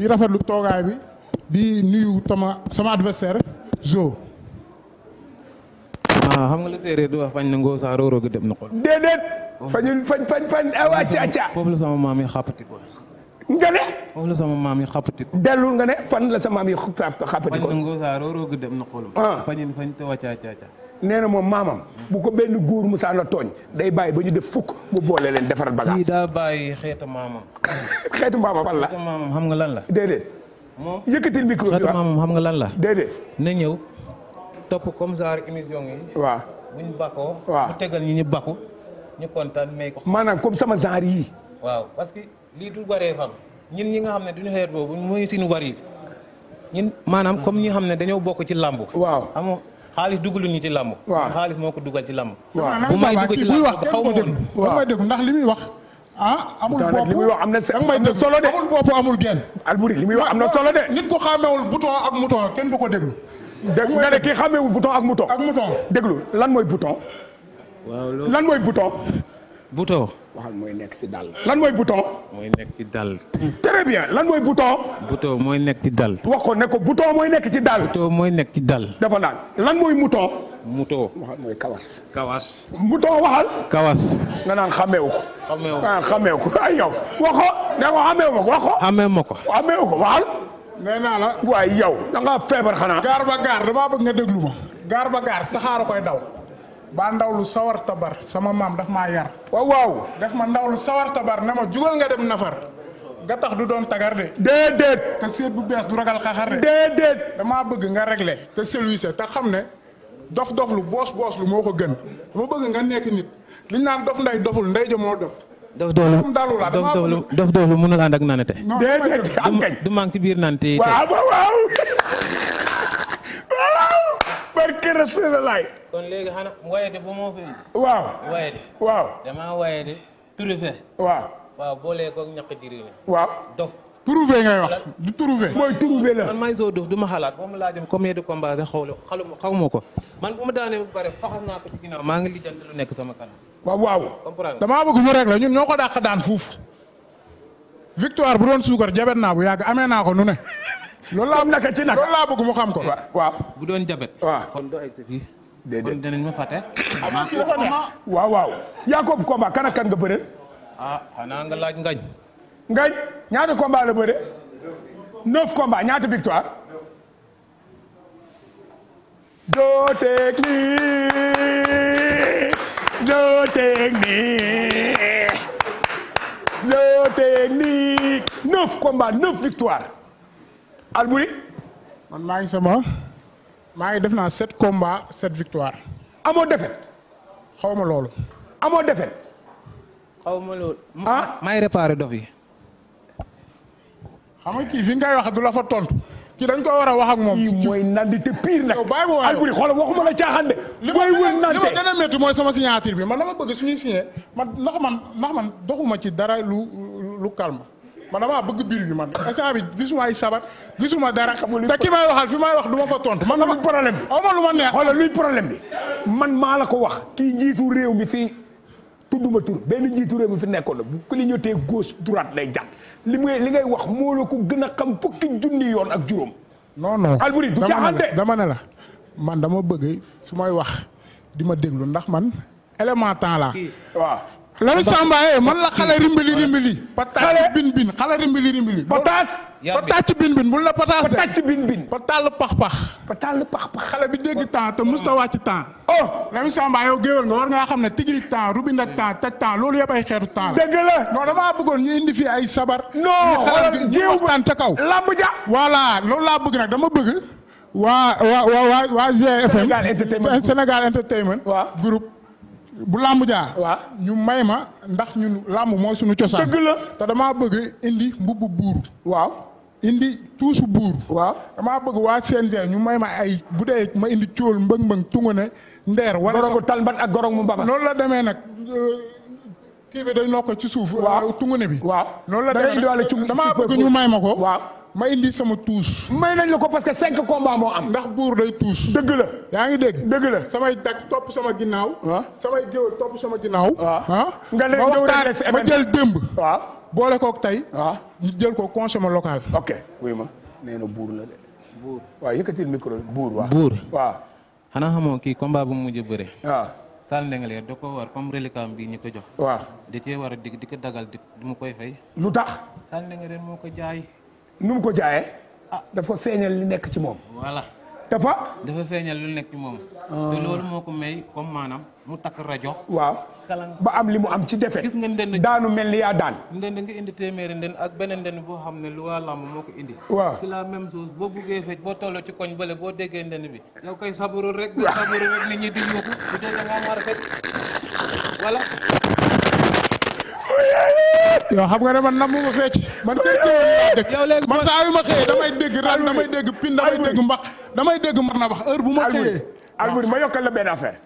di rafetlu toogaay bi di nuyu sama sama adversaire Zo. ah xam nga la séeréer di wax fañ na ngoo saa rooroo gi dem na xol. déedéet. fañu fañ fañ fañ awa ca ca. foofu la sama maam yi xàppati ko. nga ne. foofu la sama maam yi xàppati ko. nga ne fan la sama maam yi xàppati ko. fañ na ngoo saa rooroo gi dem na xol. Ah. fañin fañ te wa ca nee na moom maamam bu ko benn góor mu musaana tooñ day bàyyi ba ñu def fukk mu boole leen defaral bagage. kii daa bàyyi xeetu maamam. xeetu maamam fan la xeetu xam nga lan la. déedéet. moom yëkkatil micro bi xeetu maamam xam nga lan la. déedéet na ñëw topp comme genre émission yi. waaw ñu bakkoo. waaw bu tegal ñi ñu bakku ñu kontaan may ko. maanaam comme sama genre yii. waaw parce que lii du waree fam ñun ñi nga xam ne duñu xeet boobu muy suñu wari ñun maanaam comme ñi nga xam ne dañoo bokk ci làmb. waaw xaalis dugalu ñu ci làmb waaw xaalis moo ko duggal ci làmb bu may dugg ci làmb xaw ma woon waaw may dégg ndax li muy wax ah amul bopp li muy wax am na solo de amul bopp amul genn Alboury li muy wax am na solo de nit ko xàmmewul bouton ak mouton kenn bu ko déglu dégg nga ne kii xàmmewul bouton ak mouton ak mouton déglu lan mooy bouton waaw lan mooy bouton bouton waxal mooy nekk ci dal lan mooy bouton. mooy nekk ci dal. très bien lan mooy bouton. bouton mooy nekk ci dal. wax ko ne ko bouton mooy nekk ci dal. mooy nekk ci dal. dafa naan lan mooy mouton. mouton waxal mooy kawas. kawas. mouton waxal. kawas. nga naan xàmmeewu ko. xàmmeewu ko ah ko ay yow wax ko ne ko xàmmeewu ma ko wax ko. waxal. nee naa la. waaye yow da ngaa feebar xanaa. gaar ba gaar bëgg nga déglu ma. gaar ba gaar saxaar koy daw. baa ndaw lu sawar tabar sama maam daf maa yar. waaw waaw def ma ndaw lu sawar tabar ne ma jugal nga dem nafar. ga tax du doon tagar de. déedéet. te seet bu beex du ragal xaxar de. déedéet. damaa bëgg nga régler te solution te xam ne dof-dof lu boos boos lu moo ko gën dama bëgg nga nekk nit li ñu naan dof nday doful ndey jo moo dof. dof doolu dof doolu mënul ànd ak naanate. déedéet du manque ci biir naanate. waaw waaw waaw. barke Rasulullaay. kon léegi xanaa wayete bu moo fi. waaw wayete. waaw damaa wayete. trouvé. waaw waaw boole ko ñàkk jëriñ. waaw dof. trouvé ngay wax du trouvé. mooy trouvé la man ngi soo dof du ma xalaat moom mu laajoon combien de combat xaw la xaw ko man bu ma daanee ba pare faxas naa ko ci ginnaaw nekk sama kanam. waaw waaw. comprendre damaa bëgg la ñun ñoo ko dàq daan fuuf. victoire bu doon suukar jabet naa bu yàgg amee naa ko nu loolu laa am naka ci xam ko. waaw bu doon jabet. waaw doo egg waaw waaw. Yacob combat kan ak kan nga ah, nga laaj ngañ. ngañ ñaata combat la bëre. neuf combat ñaata victoire. zootechnique zootechnique zootechnique neuf combat neuf victoire. Albouri. man maa ngi sama maa ngi def naa sept combats sept victoire. amoo defe xaw ma loolu. amoo défaite. xaw ma ah maa ngi réparé dof yi. xam nga kii fi ngay wax du la fa tontu. kii dañ koo war a wax ak moom. kii mooy nandite pire nag. bàyyi ma waaye Albouri xoolal waxuma la caaxaan de. li ma gën a métti mooy sama signature bi man dama bëgg suñuy signé man ndax man ndax man doxuma ci dara lu kalma man damaa bëgg biir bi man instant bi gisuma ay sabar gisuma dara xamul te ki may waxal fi may wax du ma fa tontu man dama problème bi aw ma lu ma neex xoolal luy problème bi man maa la ko wax kii njiitu réew mi fii tudduma tur benn njiitu réew mi fi nekkoon la bu clignotee gauche droite lay jàpp li ngay li ngay wax moo ko gën a xam fukki junni yoon ak juróom non non Alboury du caaxaan de dama ne la man dama bëgg su may wax di ma déglu ndax man élément Lamine Samba eh man la xale rimbili rimbili. pataas bin bin xale rimbili rimbili. pataas. pataas bin bin bul la pataas de. pataas bin bin. pataal pax pax. pataal pax pax. xale bi dégg temps te musta wàcc temps. oh Lamine Samba yow nga war ngaa xam ne tigri temps rubina temps taj temps loolu yëpp ay xeetu temps la. dëgg la non damaa bëggoon ñu indi fi ay sabar. non xoolal jéew ba Sénégal Entertainment Sénégal bu làmb jaa. waaw ñu may ma ndax ñu làmb mooy suñu cosaan. la te dama bëgg indi mbubu buur. waaw indi tuusu buur. waaw damaa bëgg waa CNG ñu may ma ay bu dee ma indi cool mbëng-mbëng tungune ndeer wala gorogu talmbat ak gorog mu babas. noonu la demee nag. Euh, kii bi dañ noo ko ci suuf. waaw euh, tungune bi. waaw bëgg ñu may ma ko. ma indi sama tuus. may nañ la ko parce que cinq combats moo am. ndax buur day tuus. dëgg la yaa ngi dégg. dëgg la samay dag topp sama ginnaaw. Ah. samay géwél sama ginnaaw. Ah. Ah. nga leen ma jël démb. boole kook tey. waaw ñu jël ko consommé local. ok wuy ma nee na buur la de. buur waaw yëkkatil micro buur waa buur waaw. xanaa xamoo kii combat bu mujj bëre. waaw. Sall Ndengler da ko war comme reliquat bi ñu ko jox. waaw war a dig di ko dagal di mu koy fay. lu tax. Sall Ndengler moo ko jaay. nu mu ko jaayee. ah dafa feeñal li nekk ci moom. voilà dafa. dafa feeñal li nekk ci moom. Ah. te loolu moo ko may comme maanaam mu takk rajo. waaw ba am li mu am ci defet gis nga ndend daanu mel ni yaa daan. ndend nga indi téeméeri ndend ak beneen ndend boo xam ne lu waa làmb moo ko indi. waaw la même chose boo buggee fecc boo tolloo ci koñ bële boo déggee ndend bi. yow koy sabarul rek. waaw sabarul rek nit ñi di ko bu dee da ngaa war a fecc voilà. yow xam nga ne man namm nga fecc man kër géwél laa dëkk man saa yu ma xëyee damay dégg ran damay dégg pin damay dégg mbax damay dégg mar na bu ma xëyee almuri ma yokkal la benn affaire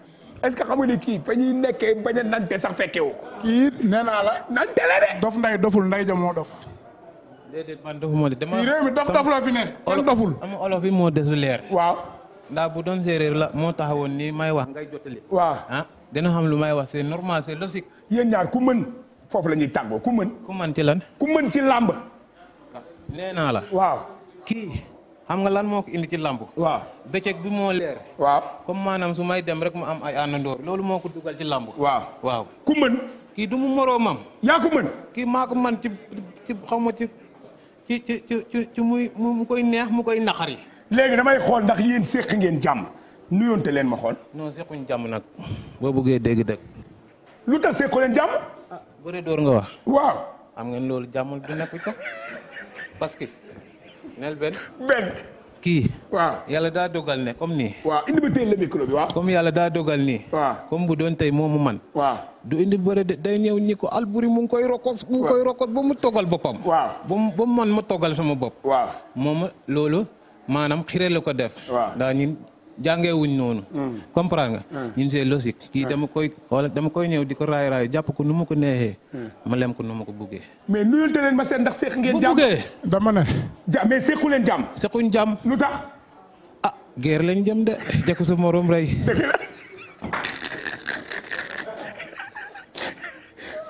est-ce que xamu ne kii fa ñuy nekkee bañ a nante sax fekke wu ko kii nee naa la nante la de dof nday doful nday ja moo dof déedéet man dofuma de dama réew dof dof la fi ne kenn doful moo desu leer waaw ndax bu doon séeréer la moo taxawoon ni may wax ngay jottali waaw ah dina xam lu may wax c'est normal c'est logique yéen foofu la ñuy tàggoo ku mën. ku mën ci lan. ku mën ci làmb. nee naa la. waaw kii. xam nga lan moo ko indi ci làmb. waaw bëccëg bi moo leer. waaw comme maanaam su may dem rek mu am ay àndandoor loolu moo ko dugal ci làmb. waaw waaw ku mën. kii du mu moroomam. yaa ko mën. kii maa man ci ci xaw ma ci ci ci ci ci muy mu koy neex mu koy naqari. léegi damay xool ndax yéen séq ngeen jàmm nuyoonte leen ma xool. non séquñ jàmm nag. boo bëggee dégg dëgg. lu tax séqu leen jàmm. bëre dóor nga wax. waaw. am ngeen loolu jàmm du nekk ko parce que. nel benn. benn. kii. waaw yàlla daa dogal ne comme nii. waaw indi comme yàlla daa dogal nii. waaw comme bu doon tey moomu man. waaw du indi bëre de day ñëw ñi ko Alboury mu ngi koy rokos. mu koy rokos ba mu toggal boppam. waaw ba mu ba mu man ma toggal sama bopp. waaw moom loolu maanaam xire la ko def. waaw daa jàngewuñ noonu hmm. comprendre nga hmm. ñun c'est logique kii hmm. dama koy wala dama koy ñëw di ko jàpp ko nu ma ko neexee ma lem ko nu ma ko buggee mais nuyul te leen ma seen ndax seex ngeen jàmm dama ne ja mais leen jàmm seexuñ jàmm lu tax ah guerre lañ jëm de jekku sa morom rey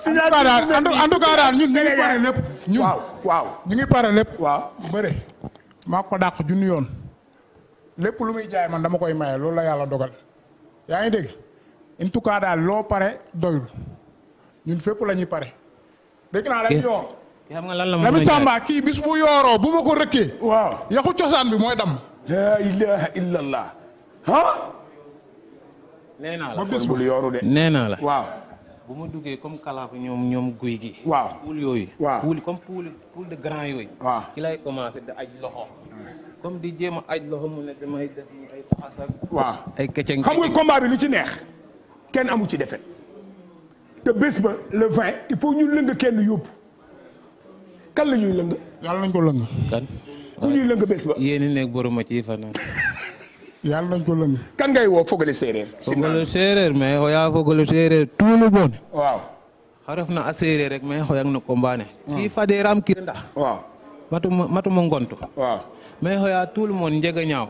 en tout cas ñun ñu pare lépp ñun waaw waaw pare lépp waaw bëre maa ko dàq yoon lépp lu muy jaay man dama koy maye loolu la yàlla dogal yaa ngi dégg en tout cas daal loo pare doyul ñun fépp la ñuy pare. dégg naa la moom eh, la Samba kii bis bu yooroo bu ma ko rëkkee. waaw yaxu cosaan bi mooy dam la ilaha illallah. ah. nee naa la bis lu yooru de nee naa la waaw. bu ma duggee comme kalaafu ñoom guy gi. waaw puul yooyu. waaw puul comme puul puul da aj loxo. Hmm. comme di jéem a mu ne damay def ni ay taxas ak. waaw ay këcëng lu ci neex kenn amu ci defet te bés ba le 20 il ñu lëng kenn yóbbu kan la ñuy lëng. yàlla nañ ko lëng. kan ku ñuy lëng bés ba. yéen a a ci fanaan. yàlla ko lëng. kan ngay woo fogale séeréer. fogale séeréer mais xoyaa fogale séeréer tout le bon. waaw. xaraf a séeréer rek mais xoyang na ko mbaane. Hmm. kii fadeeraam ndax. matuma matuma waaw. mai hoya tout le monde njega ñaaw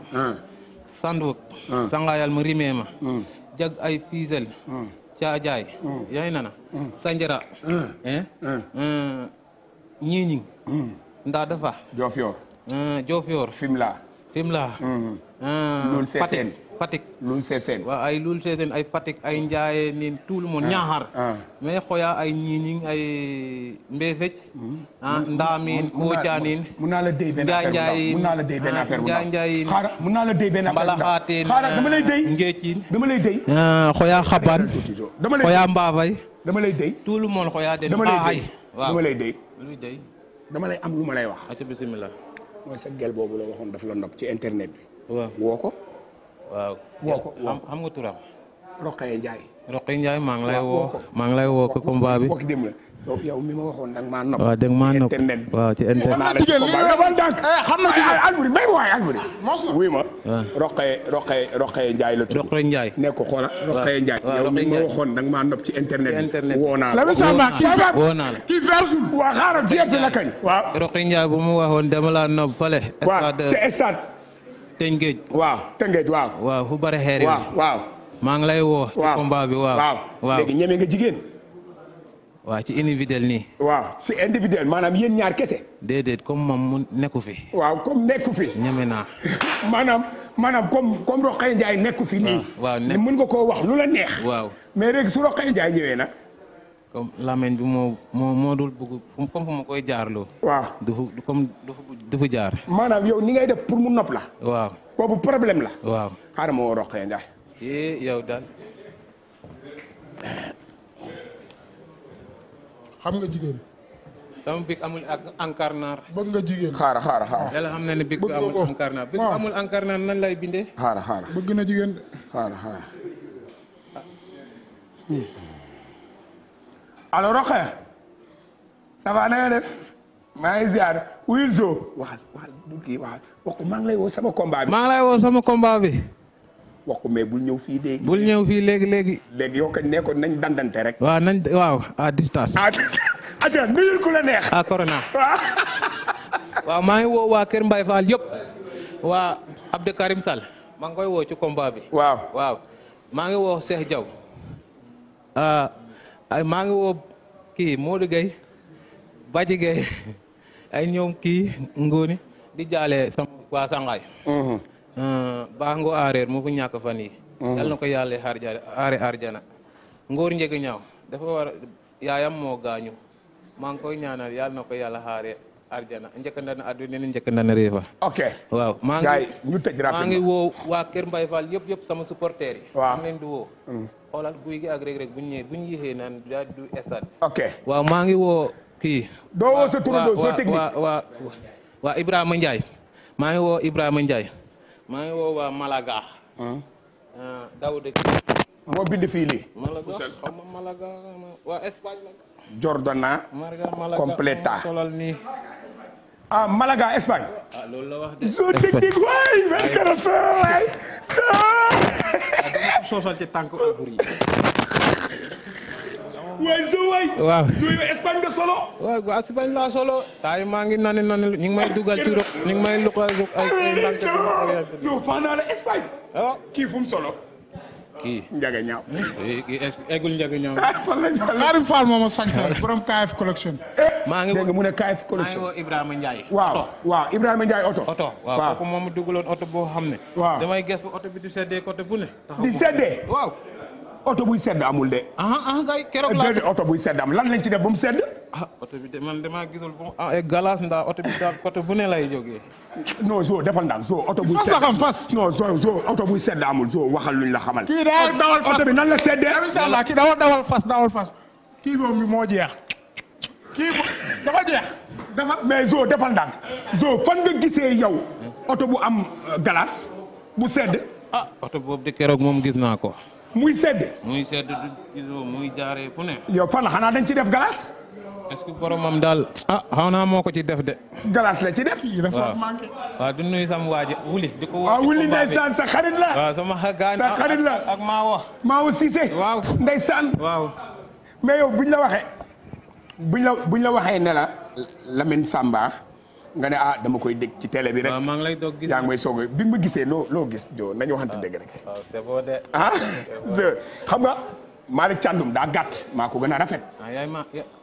sandwok sangayal mo rimema jag ay fisel caajaay yay nana sanjara ñiñing nda dafa jofiyor jofiyor fimla fimla lul Fatick. Lul Sessène waaw ay Lul Sessène ay fatik ay Ndiaye niin tout le monde. Niakhar ah. mais xoya ay ñiñing ay Mbéféc. Hmm. ah hmm. Ndaamin hmm. Koocaanin. mun naa la déy benn affaire bu ndaw Ndiaye mun naa la déy benn affaire Mbalaxaateen. xaaral dama lay déy xoya Xabaan xoya Mbaafay. dama lay déy tout le monde xoya den. dama ah, waaw dama lay am lu ma lay wax. bismillah mooy sa gel boobu la waxoon la nopp ci internet bi. waaw waaw woo ko xam nga turam. Roqaye Ndiaye. Roqaye Ndiaye maa ngi lay woo maa ngi lay woo ko combat bi. mi ma waxoon nag maa nopp. waaw dégg maa nopp waaw ci internet. maa jigéen lii la woon dànk. Eh, xam na jigéen Alboury la tudd. Roqaye Ndiaye. ne ko xoolal Roqaye ma ci internet bi. woo naa la naa la. kii verse waa kañ. waaw Roqaye bu mu waxoon dama nopp fële. stade waaw ca Tëngéej waaw Tëngéej waaw. waaw fu bare xeer yi. waaw maa ngi lay woo. waaw ci bi waaw. waaw léegi ñeme nga jigéen. waaw ci individuel nii. waaw si individuel maanaam yéen ñaar kese. déedéet comme moom mu nekku fi. waaw comme nekku fi. ñeme naa. maanaam maanaam comme comme Roqay Ndiaye nekku fi. nii waaw mën nga koo wax lu la neex. waaw mais léegi su Roqay Ndiaye ñëwee nag. comme bi moo moo moo dul bëgg comme fu ma koy jaarloo. waaw du fu jaar. maanaam yow ni ngay def pour mu nopp la. waaw boobu problème la. waaw xaaral ma woo Roqe Ndiaye. yow daal. xam nga jigéen. dama big amul ak encarnaar. bëgg nga jigéen xaaral xaaral xaaral. yàlla xam na ne big amul encarnaar bëgg nan lay bindee. xaaral xaaral alors Roqe ça va na maa ngi si wuyul zo waxal waxal du maa ngi lay woo sama combat bi. maa ngi lay woo sama combat bi. wax ko bul ñëw fii léegi. bul ñëw fii léegi léegi. léegi yow nekkoon nañ dandante rek. waaw nañ waaw à distance. à distance ku la neex. à corona waaw maa ngi woo waa Kër Mbaye Fall yëpp waa Abdou Karim maa ngi koy woo ci combat bi. waaw waaw maa ngi woo Cheikh Diaw. Euh, ay maa ngi woo kii Modou Gueye Badji ay ñoom ki Ngoni di jaale sama waa Sangaye mhm. euh, baa ngo aareer mu fu ñàkk fan yi mhm. yal na ko yàlla aare arjana ngóor njëgi ñaaw dafa war moo gaañu maa ngi koy ñaanal yal na ko yàlla xaare arjana njëkkandana àdduna ni njëkkandana réefa ok waaw maa ngi ñu tëj woo waa Kër Mbaye Fall yëpp yëpp sama supporter yi waaw am leen mm. bu bu ñu yéexee naan daa du stade ok maa ngi woo kii doo woo sa turandoo sa waa waa Ibrahima Ndiaye maa ngi woo Ibrahima Ndiaye maa ngi woo waa Malaga mm. ah, Daouda moo bind fii Malaga Malaga waa Espagne Jordana completa ah Malaga Espagne. ah loolu la wax de. zone technique waay man kër Soro waay. Ah, soosal ci tànk abur yi. solo. waaw waaw Espagne laa solo. taay maa ngi nani nani ñu ngi may dugal ci ñu ngi may luqal ay ay. Zou faa naa la solo. kii Ndiaga Niang. kii eggul Ndiaga Niang. Ah, Karim Fall moom a sant borom KF collection. Eh, maa ngi dégg mu ne KF collection maa ngi woo a Ndiaye. waaw waaw Ibrahima Ndiaye oto. oto waaw kooku moom dugaloon oto boo xam ne. waaw damay gëstu oto bi di seddee côté bu ne. di seddee waaw. oto buy sedd amul de. Ah, ah ah kay keroog laa déedéet oto buy sedd am lan lañ ci def ba mu sedd. ah oto bi de man damaa gisul foofu ah et galas ndaa oto bi daal côté bu ne lay jógee. non soo defal ndànk soo oto buy. fas la xam fas. non soo soo oto buy sedd amul soo waxal luñ la xamal. kii daa dawal fas oto bi nan la seddee. incha allah kii daa dawal fas dawal fas. kii moom moo jeex. kii dafa jeex. dafa mais soo defal ndànk soo fan nga gisee yow oto bu am euh, galas bu sedd. ah oto boobu de keroog moom gis naa ko. muy sedd. muy sedd du gisoo muy jaaree fu ne. yow fan xanaa dañ ci def glace. est-ce que boromam daal ah xaw naa moo ko ci def de. glace la ci def. i waaw du nuyu sama waa ji wuli. di ah, wuli ndeysaan sa xarit la. gaan sa xarit la ak Maawo. Maawo Cissé. waaw ndeysaan. waaw. mais yow buñ la waxee buñ la waxe la waxee ne la Lamine Samba. nga ne ah dama koy dégg ci télé bi rek. maa lay doog gis yaa ngi may soog bi nga ma gisee loo loo gis joo nañu waxante dégg rek. waaw c'est bon de. ah xam nga. Malick daa gàtt maa ko gën a rafet. Ah,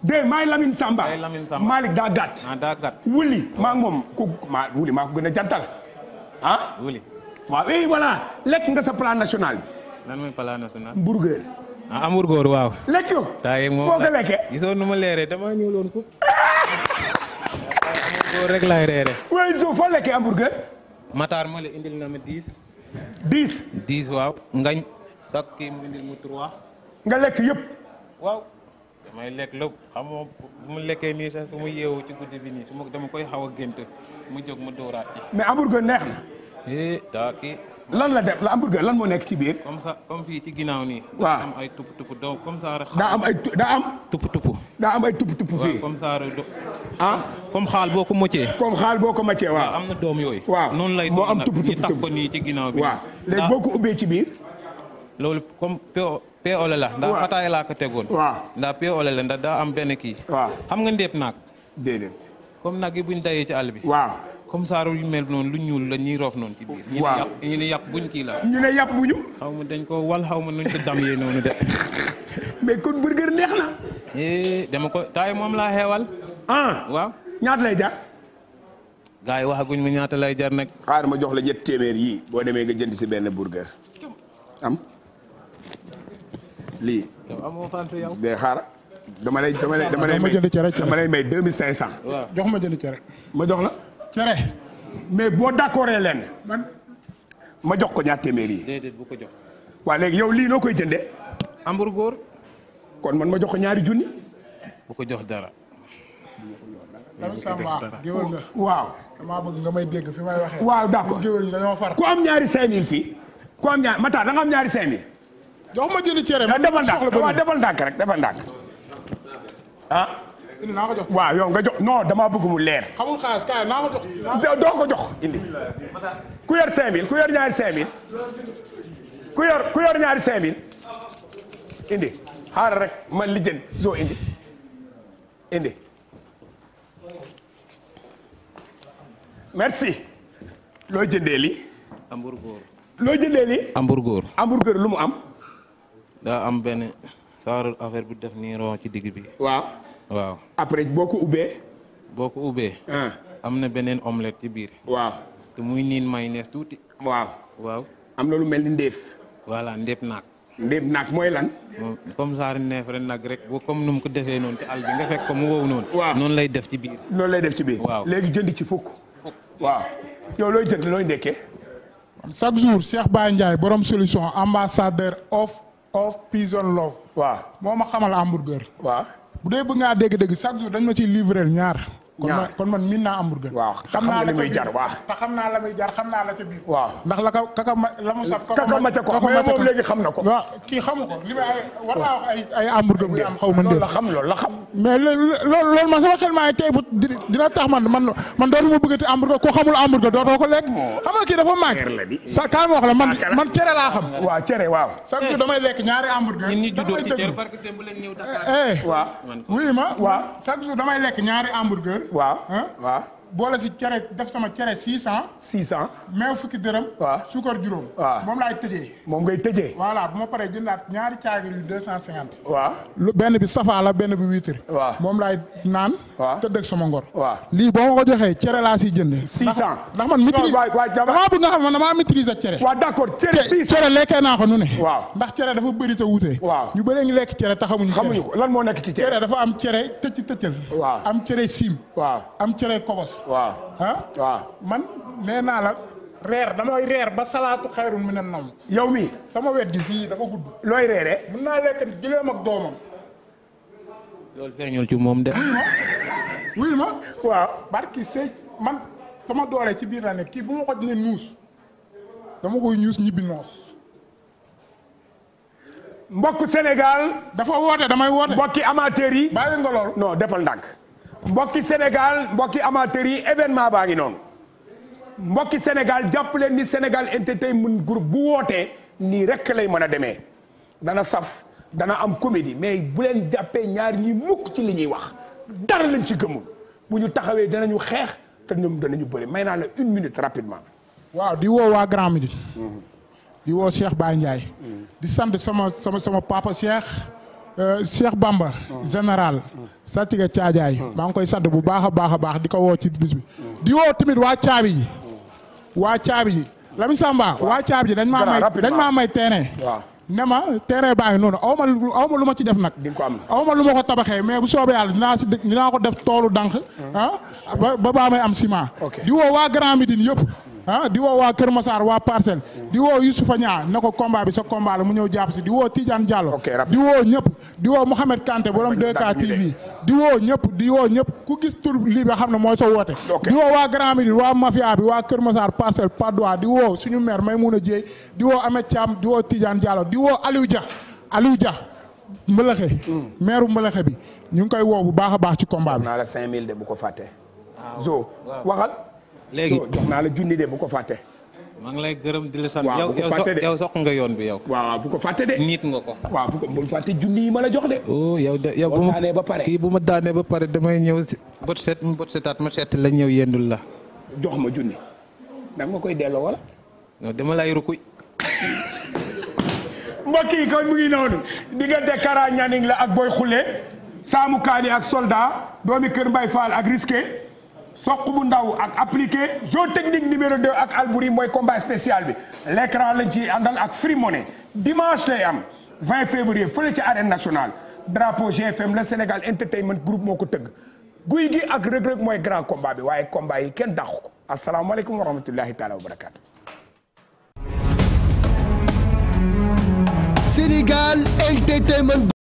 de maay Lamine Samba. yaay daa gàtt. ah maa moom ku maa wuli maa ko gën a jantal ah. wuli waaw eh voilà lekk nga sa plan national bi. lan burger. ah hamburger waaw. lekk yo. taa moom boo ko lekkee. gisoo ma leeree damaa ñëw loolu rek laay reere. waaye Sow foo lekkee hamburger. Matar ma la indil na ma 10. 10. 10 waaw. ngañ sax kii mu indil mu 3. nga lekk yëpp. waaw. damay lekk lépp xam nga bu mu lekkee nii sax su ci guddi bi nii su ma dama koy xaw a gént mu jóg mu dóoraat ci. mais hamburger neex na. eh daa lan la def la hamburger lan moo nekk ci biir. comme ça comme fii ci ginnaaw ni waaw daa am ay tupp tupp donc comme am ay daa am. tupp tupp. daa am ay tupp tupp fii. comme ça rek ah. comme boo ko moccee. comme xaal boo ko moccee waaw. am na doom yooyu. waaw noonu lay doon nag ñu tax ko nii ci ginnaaw bi. waaw boo ko ubbee ci biir. loolu comme po po la la. waaw ndax fataay laa ko tegoon. waaw ndax po la la ndax daa am benn kii. waaw xam nga ndépp naag. déedéet. comme nag yi buñ dayee ci àll bi. waaw. comme ça yu mel noonu lu ñuul la ñuy roof noonu. ci biir waaw ñu ne yàpp buñ kii la. ñu ne yàpp buñu. xaw ma dañ ko wal xaw ma nuñ ko dam noonu de. mais kon burger neex na. Eh, dama ko taay moom laa xeewal. ah waaw ñaata lay jar. gars yi waxaguñ ma ñaata lay jar nag. xaaral ma jox la ñett téeméer yii boo demee nga jënd si benn burger. am lii. yow amoo fàntu yow. de xaaral. dama lay dama lay dama lay may dama lay may deux mille cent. jox ma jënd cere. ma jox la. cere mais boo d'accordee leen man ma jox ko ñaar téeméer yi. déedéet ko jox. waa léegi yow lii loo koy jëndee. hamburger. kon man ma jox ko ñaari junni. ko jox dara. Oh, waaw. damaa bëgg nga may dégg fi may waxee. waaw d'accord géwél dañoo far. ku am ñaari 5000 fii ku am ñaar Matar da nga am ñaari 5000. jox ma jënd cere. ma defal ndànk waaw rek defal ndànk ah. naa ko jox waaw yow nga jox non damaa bëgg mu leer. xamul xaalis ko jox. doo ko jox indi. ku yor 5000 ku yor ñaari 5000. ku yor ñaari 5000. indi xaaral rek man li soo indi. indi. merci. loo jëndee lii. hamburger. loo jëndee lii. hamburger. lu mu am. daa am benn saaru affaire bu def nii ron ci digg bi. waaw. waaw après boo ko ubbee. boo ko ubbee. Ah. am na beneen omelette ci biir. waaw te muy niin may nees tuuti. waaw waaw. am na lu mel ni ndéef. voilà ndéef naak. ndéef naak mooy lan. comme ça neef ren nag rek boo comme nu mu ko defee noonu ci àll bi nga fekk ko mu wow noon waaw noonu lay def ci biir. noonu lay def ci biir. waaw léegi jënd ci fukk. waaw yow looy jënd looy ndekkee. chaque jour Cheikh Baye Ndiaye boroom solution ambassadeur of of peace and love. waaw moo ma xamal hamburger. waaw. bu dee bëgg ngaa dégg-dégg chaque jour dañ ma ciy livreel ñaar kon man kon man miin na hamburger. waaw xam naa la muy jar waaw. te xam naa la muy jar xam naa la ca biir. waaw ndax la ka kaka ma la mu saf. kaka ma ca ko mais léegi xam na ko. waaw kii xamu ay war naa am xaw ma. loolu la xam loolu la xam. mais loolu loolu man sama xel maa ngi tey bu dina tax man man man dootuma bëggati hamburger ko xamul hamburger dootoo ko lekk. xam nga kii dafa màgg. sa kaa ma wax la man man cere laa xam. waaw cere waaw. chaque jour damay lekk ñaari hamburger. ñun ñu juddoo ci cere parce que démb leen eh, eh. ma waaw chaque jour damay lekk ñaari hamburger waaw waaw boole si cere def sama cere six cent. six cent. fukki dërëm. waaw suukar juróom. moom laay tëjee. moom ngay tëjee. voilà bu ma paree jëndaat ñaari caagir yu cent cinquante. waaw lu benn bi safaa la benn bi wiitir. waaw moom laay naan. waaw tëdd ak sama ngor. waaw lii boo ma ko joxee cere laa siy jëndee. six cent ndax man maîtrise. damaa bëgg nga xam man damaa maîtriser cere. waaw d'accord cere six cent cere lekkee naa ko nu ne. waaw ndax cere dafa bëri te waaw ñu bëree ngi lekk cere taxamuñu. xamuñu ko lan moo nekk ci cere. cere dafa am cere tëcc tëccal. waaw am cere siim. waaw am cere kobos waaw ah man nee naa la reer damay reer ba salaatu xayrun mi ne nom yow mi sama wet gi fii dafa gudd looy reere mën naa lekk gileem ak doomam loolu feeñul ci moom de wuy ma waaw barki sëy man sama doole ci biir la ne kii bu ma ko ne nuus dama koy ñuus ñibbi noos mbokk Sénégal dafa woote damay woote mbokki amateur yi bàyyi nga noo defal ndànk mbokki Sénégal mbokki amateurs yi événement baa ngi noonu mbokki Sénégal jàpp leen ni Sénégal Entertainment Group bu wootee nii rek lay mën a demee dana saf dana am comédie mais bu leen jàppee ñaar ñi mukk ci li ñuy wax dara lañ ci gëmul bu ñu taxawee ñu xeex te ñoom ñu bëri may naa la une minute rapidement. waaw di woo waa Grand Midi. Mhm. di woo Cheikh Baye Ndiaye. Mhm. di sant sama sama sama papa Cheikh. Euh, Cheikh Bamba général Satiga Caajaay hmm. maa ngi koy sant bu baax a baax a baax di ko woo ci bis bi di woo tamit waa caabi ji waa caabi ji Lamine Samba waa caabi ji dañ maa may dañ maa may terrain ne ma terrain baa ngi noonu aw ma lu ma ci def nag aw ma lu ma ko tabaxee mais bu soobee yàlla dinaa si dinaa ko def toolu dànq hmm. ah ba baa may am ciment di woo waa Grand Médine yëpp ah di woo waa Kër Massar waa Parcelles di woo Youssoufa Niang na ko combat bi sa combat la mu ñëw jàpp si di woo Tidiane Diallo di woo ñëpp di woo Mouhamed Kanté borom 2K TV di woo ñëpp di woo ñëpp ku gis tur lii ba xam ne mooy sa woote di woo waa Grand Médine waa mafia bi waa Kër Massar Parcelles Patte d'Oie di woo suñu maire Maymouna Dieye di woo Ahmed Thiam di woo Tidiane Diallo di woo Aliou Dia Aliou Dia mbëlëxe maire mbëlëxe bi ñu ngi koy woo bu baax a baax ci combat bi naa la 5000 ko fàtte zo léegi jox naa la junni de bu ko fàtte. maa ngi lay gërëm di la sant. waaw bu ko fàtte de yow soq nga yoon bi yow. waaw bu ko fàtte de. nit nga ko. waaw bu ko bul fàtte junni yi ma la jox de. oh yow de yow bu ma daanee ba pare. kii bu ma daanee ba pare damay ñëw si. bët set bët setaat ma seet la ñëw yendul la. jox ma junni. da nga koy delloo wala. non dama lay rukuy. mbokk yi kon mu ngi noonu diggante Kara Nianing la ak Boy Xule Saamu Kaani ak soldat doomi Kër Mbay Fall ak risqué. soq bu ndaw ak appliqué jeu technique numéro de ak Albouri mooy combat spécial bi l'écran lañ ci àndal ak Free Money dimanche lay am 20 février fële ci arène nationale drapeau GFM la Sénégal Entertainment Group moo ko teg guy gi ak Reug Reug mooy grand combat bi waaye combat yi kenn dàqu ko asalaamaaleykum wa rahmatullahi taala wa barakaatu. Sénégal Entertainment